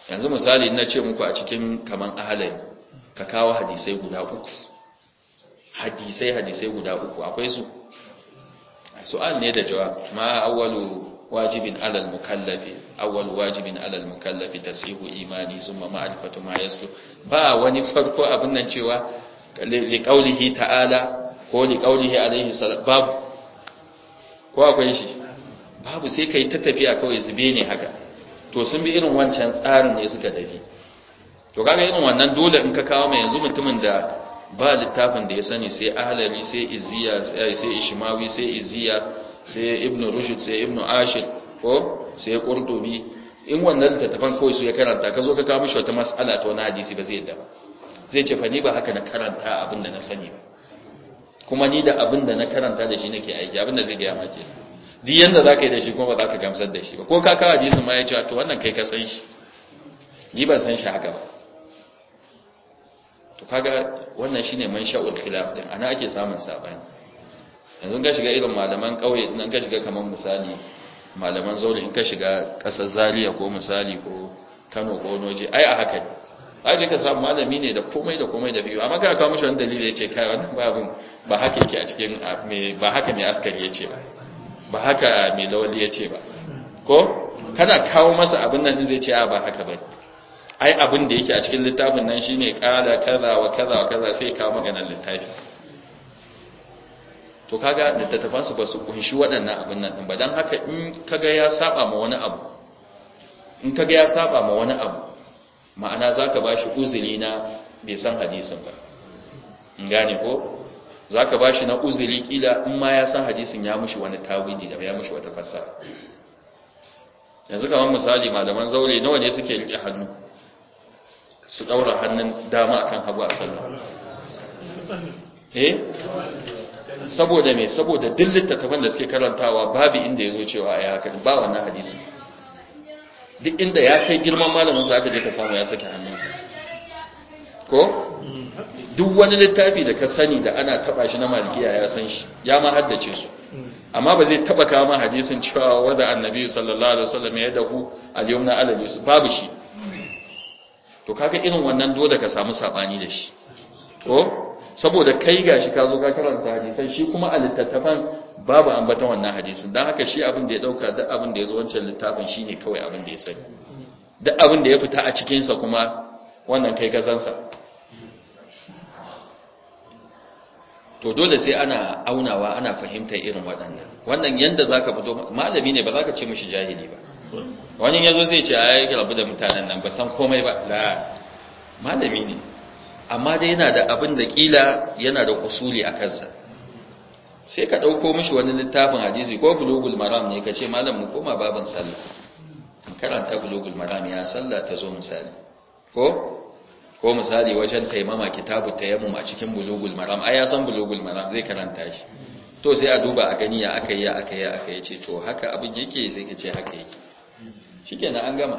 Speaker 1: yanzu misali na ce muku a cikin kaman ahalai ka kawo hadisai guda uku hadisai hadisai guda uku akwai su su'al ne da jawab ma awwalu wajibin alal mukallafi awwalu wajibin alal mukallafi tasihu imani thumma ma'rifatu ma yaslu ba wani farko abin nan cewa li ta'ala ko li alaihi salam babu ko akwai shi babu sai kai ta tafiya kawai zube ne haka to sun bi irin wancan tsarin ne suka tafi to kaga irin wannan dole in ka kawo mai yanzu mutumin da ba littafin da ya sani sai ahlali sai iziya, eh, sai ishmawi sai iziya, sai ibnu rushd sai ibnu ashir ko sai qurtubi in wannan littafin kawai su ya karanta ka zo ka kawo mishi wata mas'ala ta wani hadisi ba zai yadda ba zai ce fa ni ba haka na karanta abin da na sani ba kuma ni da abin da na karanta da shi nake aiki abin da zai gaya ma ke duk yanda za ka yi da shi kuma ba za ka gamsar da shi ba ko ka kawo hadisin ma ya ce to wannan kai ka san shi ni ban san shi haka ba to kaga wannan shine man sha'ul khilaf din ana ake samun sabani yanzu ka shiga irin malaman kauye in ka shiga kaman misali malaman zauri in ka shiga kasar Zaria ko misali ko Kano ko Noje ai a haka ai je ka samu malami ne da komai da komai da biyu amma ka kawo mishi wani dalili ya ce kai wannan babin ba haka yake a cikin ba haka ne askari ya ce ba ba haka me dawali ya ce ba ko kana kawo masa abin nan zai ce a ba haka bane ai abin da yake a cikin littafin nan shine kala kaza wa kaza wa kaza sai ka maganar littafi to kaga littattafan su ba su kunshi waɗannan abin nan din ba dan haka in kaga ya saba ma wani abu in kaga ya saba ma wani abu ma'ana zaka shi uzuri na bai san hadisin ba in gane ko zaka shi na uzuri kila in ma ya san hadisin ya mushi wani tawidi da ya mushi wata fassara yanzu kamar misali malaman zaure nawa ne suke rike hannu su daura hannun dama akan hagu a sallah eh saboda me saboda duk littattafan da suke karantawa babu inda yazo cewa ai haka ba wannan hadisi duk inda ya kai girman malamin sa aka je ka samu ya saki hannunsa ko duk wani littafi da ka sani da ana taba shi na malikiya ya san shi ya ma haddace su amma ba zai taba kama hadisin cewa wadda annabi sallallahu alaihi wasallam ya dahu al-yumna ala babu shi to kaga irin wannan dole ka samu sabani da shi ko saboda kai gashi ka zo ka karanta hadisan shi kuma a littattafan babu ambata wannan hadisin dan haka shi abin da ya dauka duk abin da ya zo wancan littafin shine kawai abin da ya sani duk abin da ya fita a cikin sa kuma wannan kai ka san sa to dole sai ana aunawa ana fahimtar irin waɗannan wannan yanda zaka fito malami ne ba zaka ce mishi jahili ba wani ya zo zai ce a yi rabu da mutanen nan ba san komai ba da malami ne amma dai yana da abin da kila yana da kusuri a kansa sai ka ɗauko mishi wani littafin hadisi ko bulugul maram ne ka ce malam mu koma babin sallah mu karanta bulugul maram ya sallah ta zo misali ko ko misali wajen taimama kitabu tayammum a cikin bulugul maram ai ya san bulugul maram zai karanta shi to sai a duba a gani ya aka yi ya aka yi ya aka yi ce to haka abin yake sai ka ce haka yake kenan an gama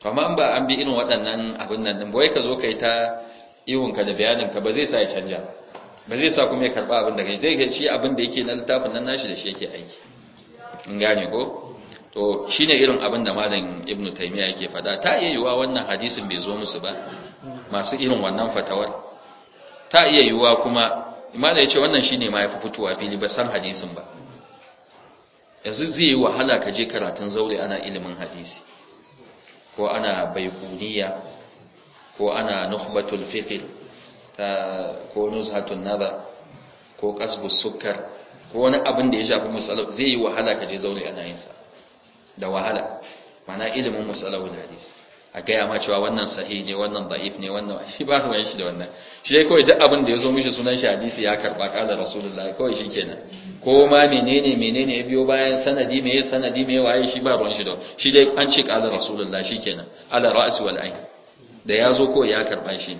Speaker 1: kwamman ba an bi irin waɗannan abin nan din bai ka zo ka yi ta iwonka da bayaninka ba zai sa ya canja ba zai sa kuma ya karɓa abin da kai zai ga shi abin da yake na littafin nan nashi da shi yake aiki in gane ko to shine irin abin da malam ibnu taymiya yake faɗa ta iya yiwuwa wannan hadisin bai zo musu ba masu irin wannan fatawar ta iya yiwuwa kuma imana ya ce wannan shine ma ya fi fitowa fili ba san hadisin ba yanzu zai yi wahala ka je karatun zaure ana ilimin hadisi ko ana baikuniya ko ana nuhbatul fiqh ta ko nuzhatun nada ko kasbu sukkar ko wani abin da ya shafi musalaf zai yi wahala ka je zaure ana yin sa da wahala mana ilimin musalahul hadisi a gaya ma cewa wannan sahih ne wannan da'if ne wannan shi ba ruwan shi da wannan shi dai kawai duk abin da ya zo mishi sunan shi hadisi ya karba kala rasulullahi kawai shi kenan ko ma menene menene biyo bayan sanadi meye sanadi me waye shi ba ruwan shi da shi dai an ce qala rasulullah shikenan ala ra'si wal ayn da yazo ko ya karba shi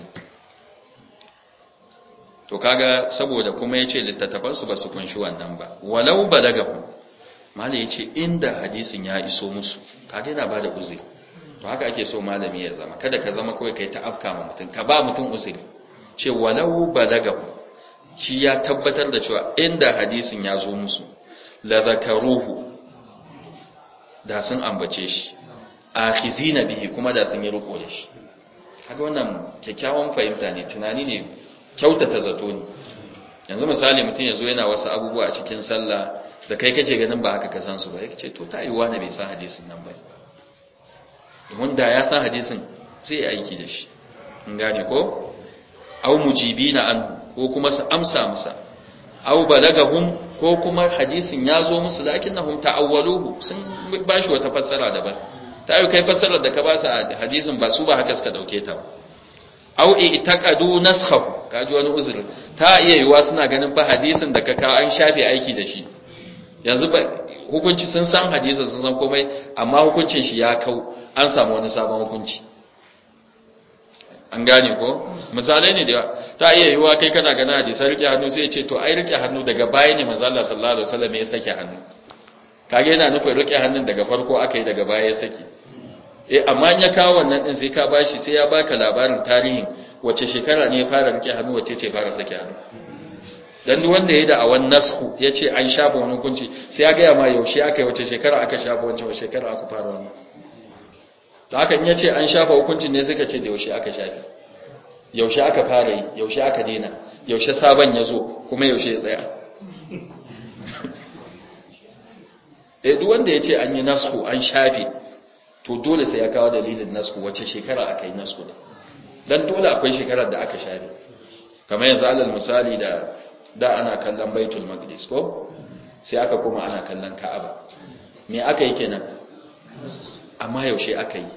Speaker 1: to kaga saboda kuma yace littattafan su ba su kunshi wannan ba walau balagahu malai yace inda hadisin ya iso musu kaga yana bada uzuri to haka ake so malami ya zama kada ka zama kawai kai ta afka ma mutum ka ba mutum uzuri ce walau balaga shi ya tabbatar da cewa inda hadisin ya zo musu la zakaruhu da sun ambace shi akhizina bihi kuma da sun yi riko da shi kaga wannan kyakkyawan fahimta ne tunani ne kyautata zato ne yanzu misali mutum yazo yana wasu abubuwa a cikin sallah da kai kace ganin ba haka ka san su ba yake ce to ta yi wani bai san hadisin nan ba domin da ya san hadisin sai aiki da shi in gane ko au mujibina anhu ko kuma su amsa masa aw balagahum ko kuma hadisin ya zo musu lakinnahum ta'awwaluhu sun bashi wata fassara daban ta yi kai fassarar da ka ba su hadisin ba su ba haka suka dauke ta au aw i'taqadu naskhahu kaji wani uzur ta iya yiwa suna ganin fa hadisin da ka kawo an shafe aiki da shi yanzu ba hukunci sun san hadisin sun san komai amma hukuncin shi ya kau an samu wani sabon hukunci an gane ko misalai ne da ta iya yiwa kai kana gana hadisa rike hannu sai ce to ai rike hannu daga baya ne manzo Allah sallallahu alaihi wasallam ya sake hannu kage yana nufin rike hannun daga farko aka yi daga baya ya sake eh amma in ya kawo wannan din sai ka bashi sai ya baka labarin tarihin wace shekara ne ya fara rike hannu wace ce fara sake hannu dan duk wanda yayi da awan nasku yace an shafa wani kunci, sai ya ga ma yaushe aka yi wace shekara aka shafa wace shekara aka fara wannan to haka in yace an shafa hukuncin ne suka ce da yaushe aka shafi yaushe aka fara yi yaushe aka dena yaushe sabon ya zo kuma yaushe ya tsaya eh duk wanda yace an yi nasku an shafe to dole sai ya kawo dalilin nasku wace shekara aka yi nasku da, dan dole akwai shekarar da aka shafe kamar yanzu alal misali da da ana kallon baitul maqdis ko sai aka kuma ana kallon ka'aba me aka yi kenan amma yaushe aka yi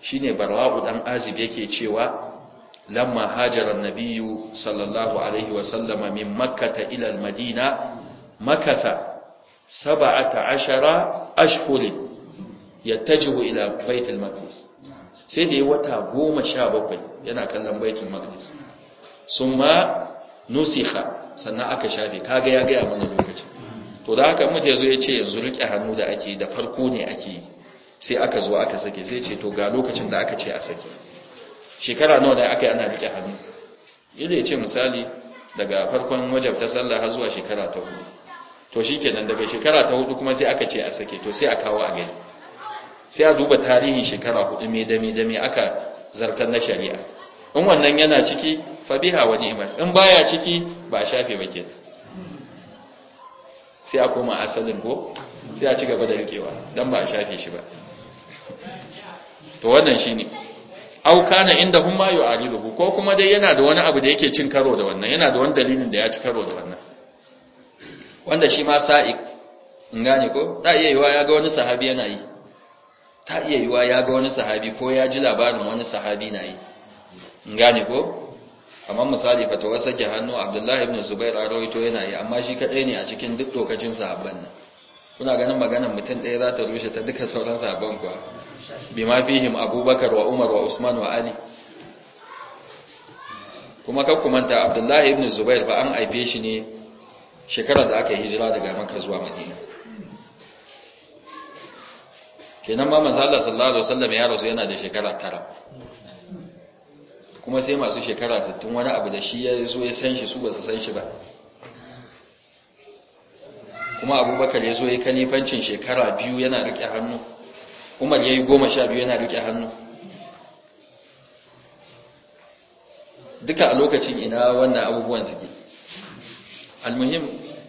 Speaker 1: shine bara'u dan azib yake cewa lamma hajara nabiyyu sallallahu alaihi wa sallama min makkata ila madina makata saba'ata ashara ashhurin yattajihu ila baitul maqdis sai da ya wata goma sha bakwai yana kallon baitul maqdis sun ma nusiha sannan aka shafe kaga ya gaya mana lokaci to da haka mutu ya zo ya ce yanzu riƙe hannu da ake da farko ne ake yi sai aka zuwa aka sake sai ce to ga lokacin da aka ce a sake shekara nawa da aka yi ana rike hannu yadda ya ce misali daga farkon wajab ta sallah har zuwa shekara ta hudu to shikenan daga shekara ta hudu kuma sai aka ce a sake to sai a kawo a gani sai a duba tarihin shekara hudu me da me aka zartar na shari'a in wannan yana ciki fa biha wa ni'mat in baya ciki ba shafe ba kenan sai a koma asalin ko sai a ci gaba da rikewa dan ba a shafe shi ba to wannan shine ne. kana inda hum ma yu'aridu ko kuma dai yana da wani abu da yake cin karo da wannan yana da wani dalilin da ya ci karo da wannan wanda shi ma sa’iq in gane ko ta iya yiwa ya ga wani sahabi yana yi ta iya yiwa ya ga wani sahabi ko ya ji labarin wani sahabi na yi in gane ko Amma misali wasa ke hannu abdullahi ibn zubair a rawaito yana yi amma shi kadai ne a cikin duk dokacin sahabban nan kuna ganin maganar mutum ɗaya za ta rushe ta duka sauran sahabban kuwa bima fihim abubakar wa umar wa usman wa ali kuma kakkumanta abdullahi ibn zubair ba an aife shi ne shekarar da aka yi hijira daga maka zuwa madina kenan ma manzala sallallahu alaihi wasallam ya rasu yana da shekara tara kuma sai masu shekara 60 wani abu da shi ya zo ya san shi su ba su san shi ba kuma abubakar ya zo ya kanifancin shekara biyu yana riƙe hannu umar ya yi goma sha biyu yana rike hannu duka a lokacin ina wannan abubuwan suke almuhim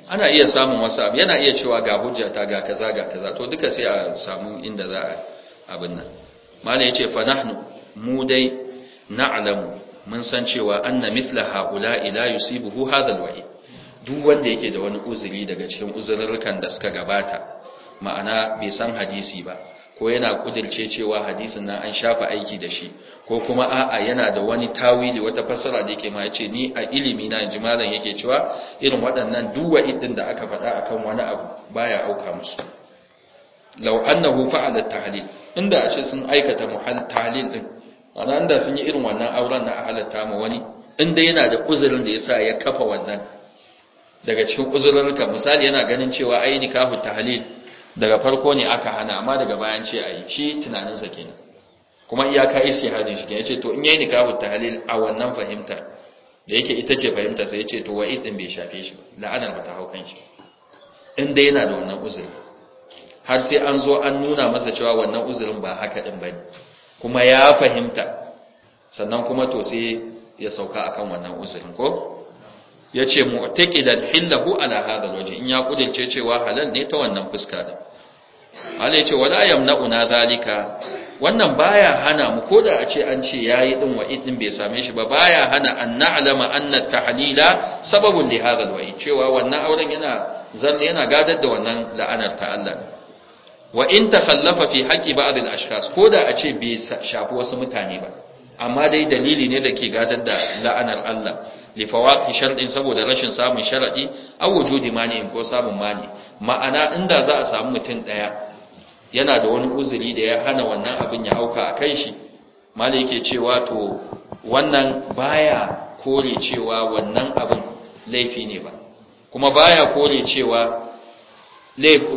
Speaker 1: ana iya samun wasu abu yana iya cewa ga hujjata ga kaza ga kaza to duka sai a samu inda za a abin nan mala ya ce nahnu mu dai na'lamu mun san cewa anna mithla haula ila yusibuhu hadha alwa'i duk wanda yake da wani uzuri daga cikin uzurrukan da suka gabata ma'ana bai san hadisi ba ko yana kudirce cewa hadisin nan an shafa aiki da shi ko kuma a'a yana da wani tawili wata fassara da yake ma ce ni a ilimi na inji malam yake cewa irin waɗannan duwa idin da aka faɗa akan wani abu baya auka musu law annahu fa'ala tahlil inda a ce sun aikata muhal tahlil din ana inda sun yi irin wannan auren na halatta ma wani inda yana da uzurin da yasa ya kafa wannan daga cikin ka misali yana ganin cewa ai nikahu tahlil daga farko ne aka hana amma daga bayan ce a yi shi tunaninsa kenan kuma iyaka isi hajji shi ya ce to in yayi nikahu tahlil a wannan fahimtar da yake ita ce fahimta sai ya ce to wa'id din bai shafe shi la'anar ba ta hau kan shi in dai yana da wannan uzuri har sai an zo an nuna masa cewa wannan uzurin ba haka din bane kuma ya fahimta sannan kuma to sai ya sauka akan wannan uzurin ko yace mu'taqidan hillahu ala hadha waje, in ya kudirce cewa halal ne ta wannan fuska din Allah ya ce wala yamna'una zalika wannan baya hana mu koda a ce an ce yayi din wa'id din bai same shi ba baya hana an na'lama anna tahlila sababun li hadha alwa'id cewa wannan auren yana zan yana gadar da wannan la'anar ta Allah wa in takhallafa fi haqqi ba'd al-ashkhas koda a ce bai shafi wasu mutane ba amma dai dalili ne da ke gadar da la'anar Allah li fawati saboda rashin samun sharadi aw wujudi mani in ko samun mani ma'ana inda za a samu mutum ɗaya, yana da wani uzuri da ya hana wannan abin ya hauka a kai shi malai yake cewa to wannan baya kore cewa wannan abin laifi ne ba kuma baya kore cewa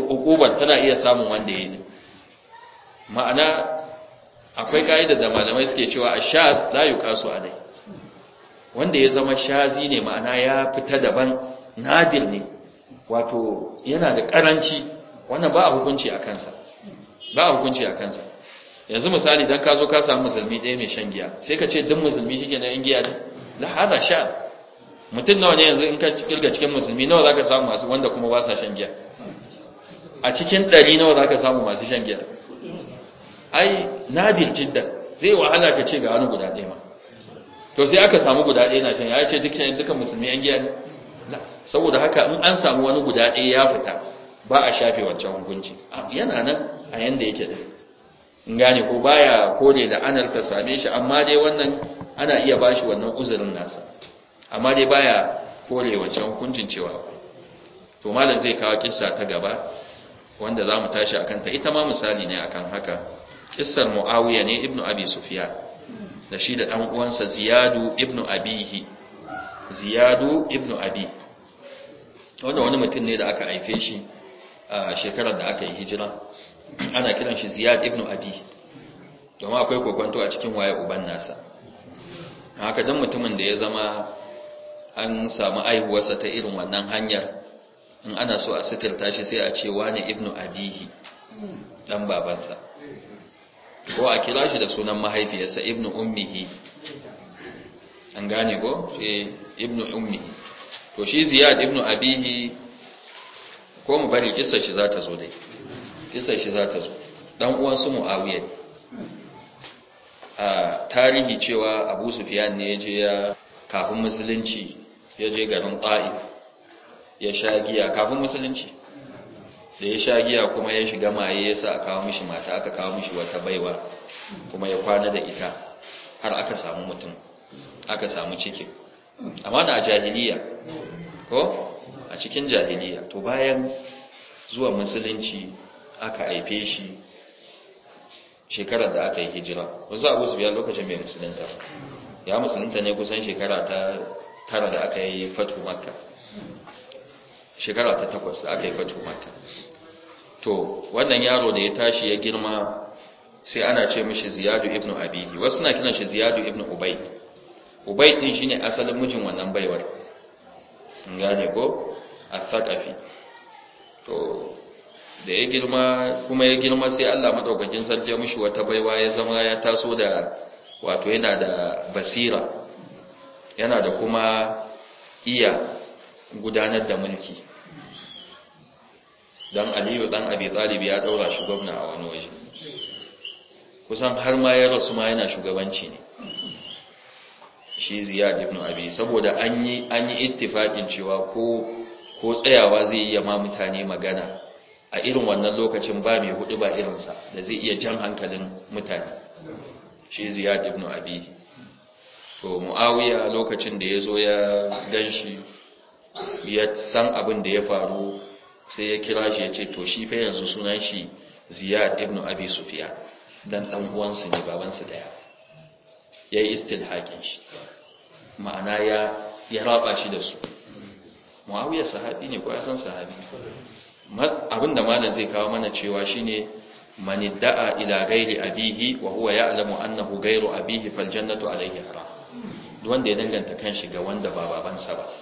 Speaker 1: hukubar tana iya samun wanda ya yi ma'ana akwai ka'idar da malamai suke cewa a sha la yi a dai wanda ya zama shazi ne ma'ana ya fita daban nadir ne wato yana da karanci wannan ba a hukunci a kansa ba a hukunci a kansa yanzu misali dan ka zo ka samu musulmi ɗaya mai shan giya sai ka ce duk musulmi shi na yan giya ne da hada sha mutum nawa ne yanzu in ka kirga cikin musulmi nawa za ka samu masu wanda kuma ba sa shan giya a cikin ɗari nawa za ka samu masu shan giya ai nadir jiddan zai wahala ka ce ga wani guda ɗaya ma to sai aka samu guda ɗaya na shan ya ce dukkan musulmi an giya ne saboda haka in an samu wani guda ɗaya ya fita ba a shafe wancan hukunci yana nan a yanda yake da In gane ko baya kore da anar ta same shi amma dai wannan ana iya bashi wannan uzurin nasa amma dai baya kore wancan hukuncin cewa to malam zai kawo kisa ta gaba wanda za mu tashi akan ta ita ma misali ne akan haka Kisar muawiya ne ibnu abi Sufiya. da shi da ɗan uwansa ziyadu ibnu abihi ziyadu ibnu abi wanda wani mutum ne da aka haife shi a shekarar da aka yi hijira ana kiran shi ziyad ibnu abi domin akwai kokonto a cikin waye uban nasa haka don mutumin da ya zama an samu aihuwarsa ta irin wannan hanyar in ana so a sitirta shi sai a ce wani ibnu abihi dan babansa ko a kira shi da sunan mahaifiyarsa ibnu ummihi an gane ko shi ibnu ummihi to shi ziyad ibnu abihi ko mu bari kissar shi za ta zo dai kissar shi za ta zo dan uwan su muawiya a tarihi cewa abu sufyan ne je ya kafin musulunci ya je garin ta'if ya sha giya kafin musulunci da ya sha giya kuma ya shiga maye ya sa a kawo mishi mata aka kawo mishi wata baiwa kuma ya kwana da ita har aka samu mutum aka samu cikin amma da a jahiliya ko a cikin jahiliya to bayan zuwa musulunci aka haife shi shekarar da aka yi hijira wanzu abu su biya lokacin mai musulunta ya musulunta ne kusan shekara ta tara da aka yi fatu makka shekara ta takwas da aka yi fatu makka to wannan yaro da ya tashi ya girma sai ana ce mishi ziyadu ibn abihi wasu na kiran shi ziyadu ibn ubaid ubaid din shine asalin mijin wannan baiwar gane ko al to da ya girma kuma ya girma sai Allah madaukakin sarki ya mishi wata baiwa ya zama ya taso da wato yana da basira yana da kuma iya gudanar da mulki don aliyu dan abi talib ya daura shi gwamna a wani waje kusan har ma ya rasu ma yana shugabanci ne shi ziyad ibn abi saboda an yi an yi ittifaqin cewa ko ko tsayawa zai yi ma mutane magana a irin wannan lokacin ba mai hudu ba irinsa da zai iya jan hankalin mutane shi ziyad ibn abi to muawiya lokacin da ya zo ya ganshi ya san abin da ya faru sai ya kira shi ya ce to shi fa yanzu sunan shi ziyad ibn abi sufiya dan dan uwansu ne babansu daya yayi yi istilhakin shi ma'ana ya ya raba shi da su muawiya sahabi ne ko ya san sahabi abinda malam zai kawo mana cewa shine man idda'a ila ghairi abihi wa huwa ya'lamu annahu ghairu abihi fal jannatu alayhi haram wanda ya danganta kanshi ga wanda ba babansa ba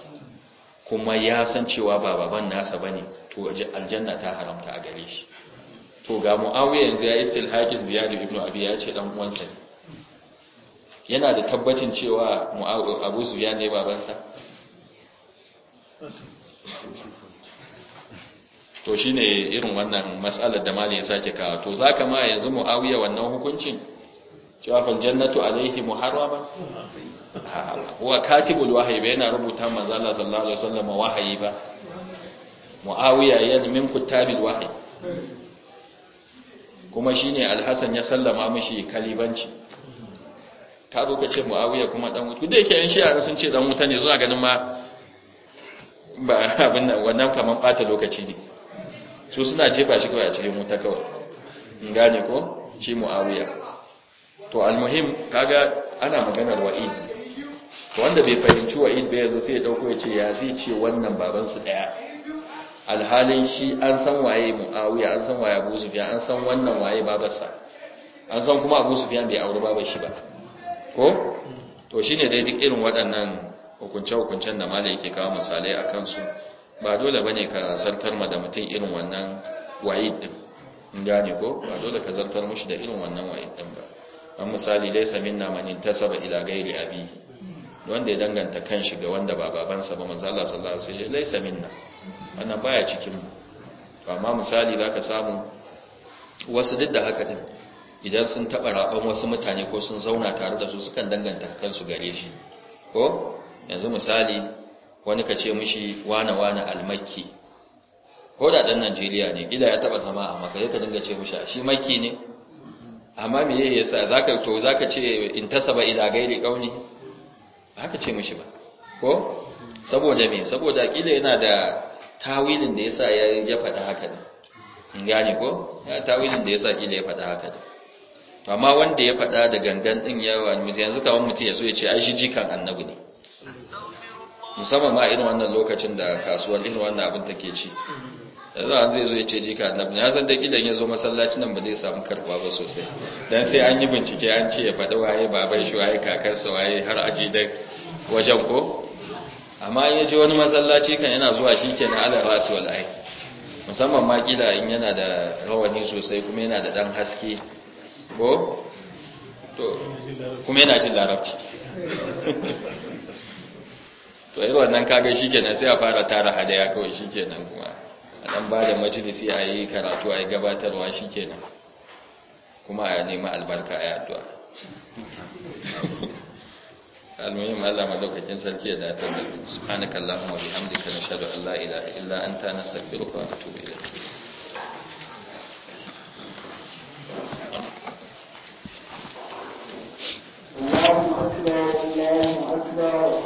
Speaker 1: kuma ya san cewa ba baban nasa ba ne, to aljanna ta haramta a gare shi to ga muawiya yanzu ya haƙin ziyadu ibn abi ya ce dan uwansa ne yana da tabbacin cewa abu su ne babansa to shine irin wannan matsalar da malin ya sake kawo to za ka ma yanzu muawiya wannan hukuncin cewa fal jannatu alaihi muharrama wa katibul wahyi ba yana rubuta manzo Allah sallallahu alaihi wasallam wahayi ba muawiya yana min kutabil wahyi kuma shine alhasan ya sallama mishi kalibanci ka zo ka ce muawiya kuma dan wuta da yake yan shi'a sun ce dan wuta ne zuwa ganin ma ba abin nan wannan kaman bata lokaci ne su suna jefa shi kawai a cikin wuta kawai in gane ko shi muawiya to almuhim kaga ana maganar wa'idi wanda bai fahimci wa ba yanzu sai ya dauko ya ce ya zai ce wannan baban su daya alhalin shi an san waye muawiya an san waye abu sufyan an san wannan waye babarsa an san kuma abu sufyan bai aure babar shi ba ko to shine dai duk irin waɗannan hukunce hukuncen da malai yake kawo misalai akan su ba dole bane ka zartar ma da mutum irin wannan waye din gane ko ba dole ka zartar mushi da irin wannan waye din ba an misali laysa minna man intasaba ila ghairi abihi wanda ya danganta kanshi ga wanda ba babansa ba manzo Allah sallallahu alaihi wasallam laisa minna wannan baya cikin mu amma misali zaka samu wasu duk da haka din idan sun taba raban wasu mutane ko sun zauna tare da su sukan danganta kansu gare shi ko yanzu misali wani ka ce mishi wana wana almakki ko da dan Najeriya ne ila ya taba zama a Makka ka dinga ce mishi shi makki ne amma me yasa zaka to zaka ce intasaba ila gairi kauni haka ce mishi ba ko saboda me saboda kila yana da tawilin da yasa ya faɗa haka ne gane ko ya tawilin da yasa kila ya faɗa haka ne to amma wanda ya faɗa da gangan din ya yanzu kamar mutum ya so ya ce ai shi jikan annabi ne musamman ma irin wannan lokacin da kasuwar irin wannan abin take ci yanzu an zai zo ya ce jika annabi ya san da gidan ya zo masallaci nan ba zai samu karba ba sosai dan sai an yi bincike an ce ya faɗi waye baban shi waye kakarsa waye har aji dai wajen ko amma in yaje wani masallaci kan yana zuwa shi shikenan ala rasu wal ayn musamman ma kila in yana da rawani sosai kuma yana da dan haske ko to kuma yana jin larabci to yi wannan ke shikenan sai a fara tara hadaya kawai shi shikenan kuma a dan ba da majalisi a yi karatu a yi gabatarwa shi shikenan kuma a nemi albarka a yi addu'a المهم الله مدوك تنزل كده سبحانك اللهم وبحمدك نشهد أن لا إله إلا أنت نستغفرك ونتوب إليك
Speaker 2: الله أكبر الله أكبر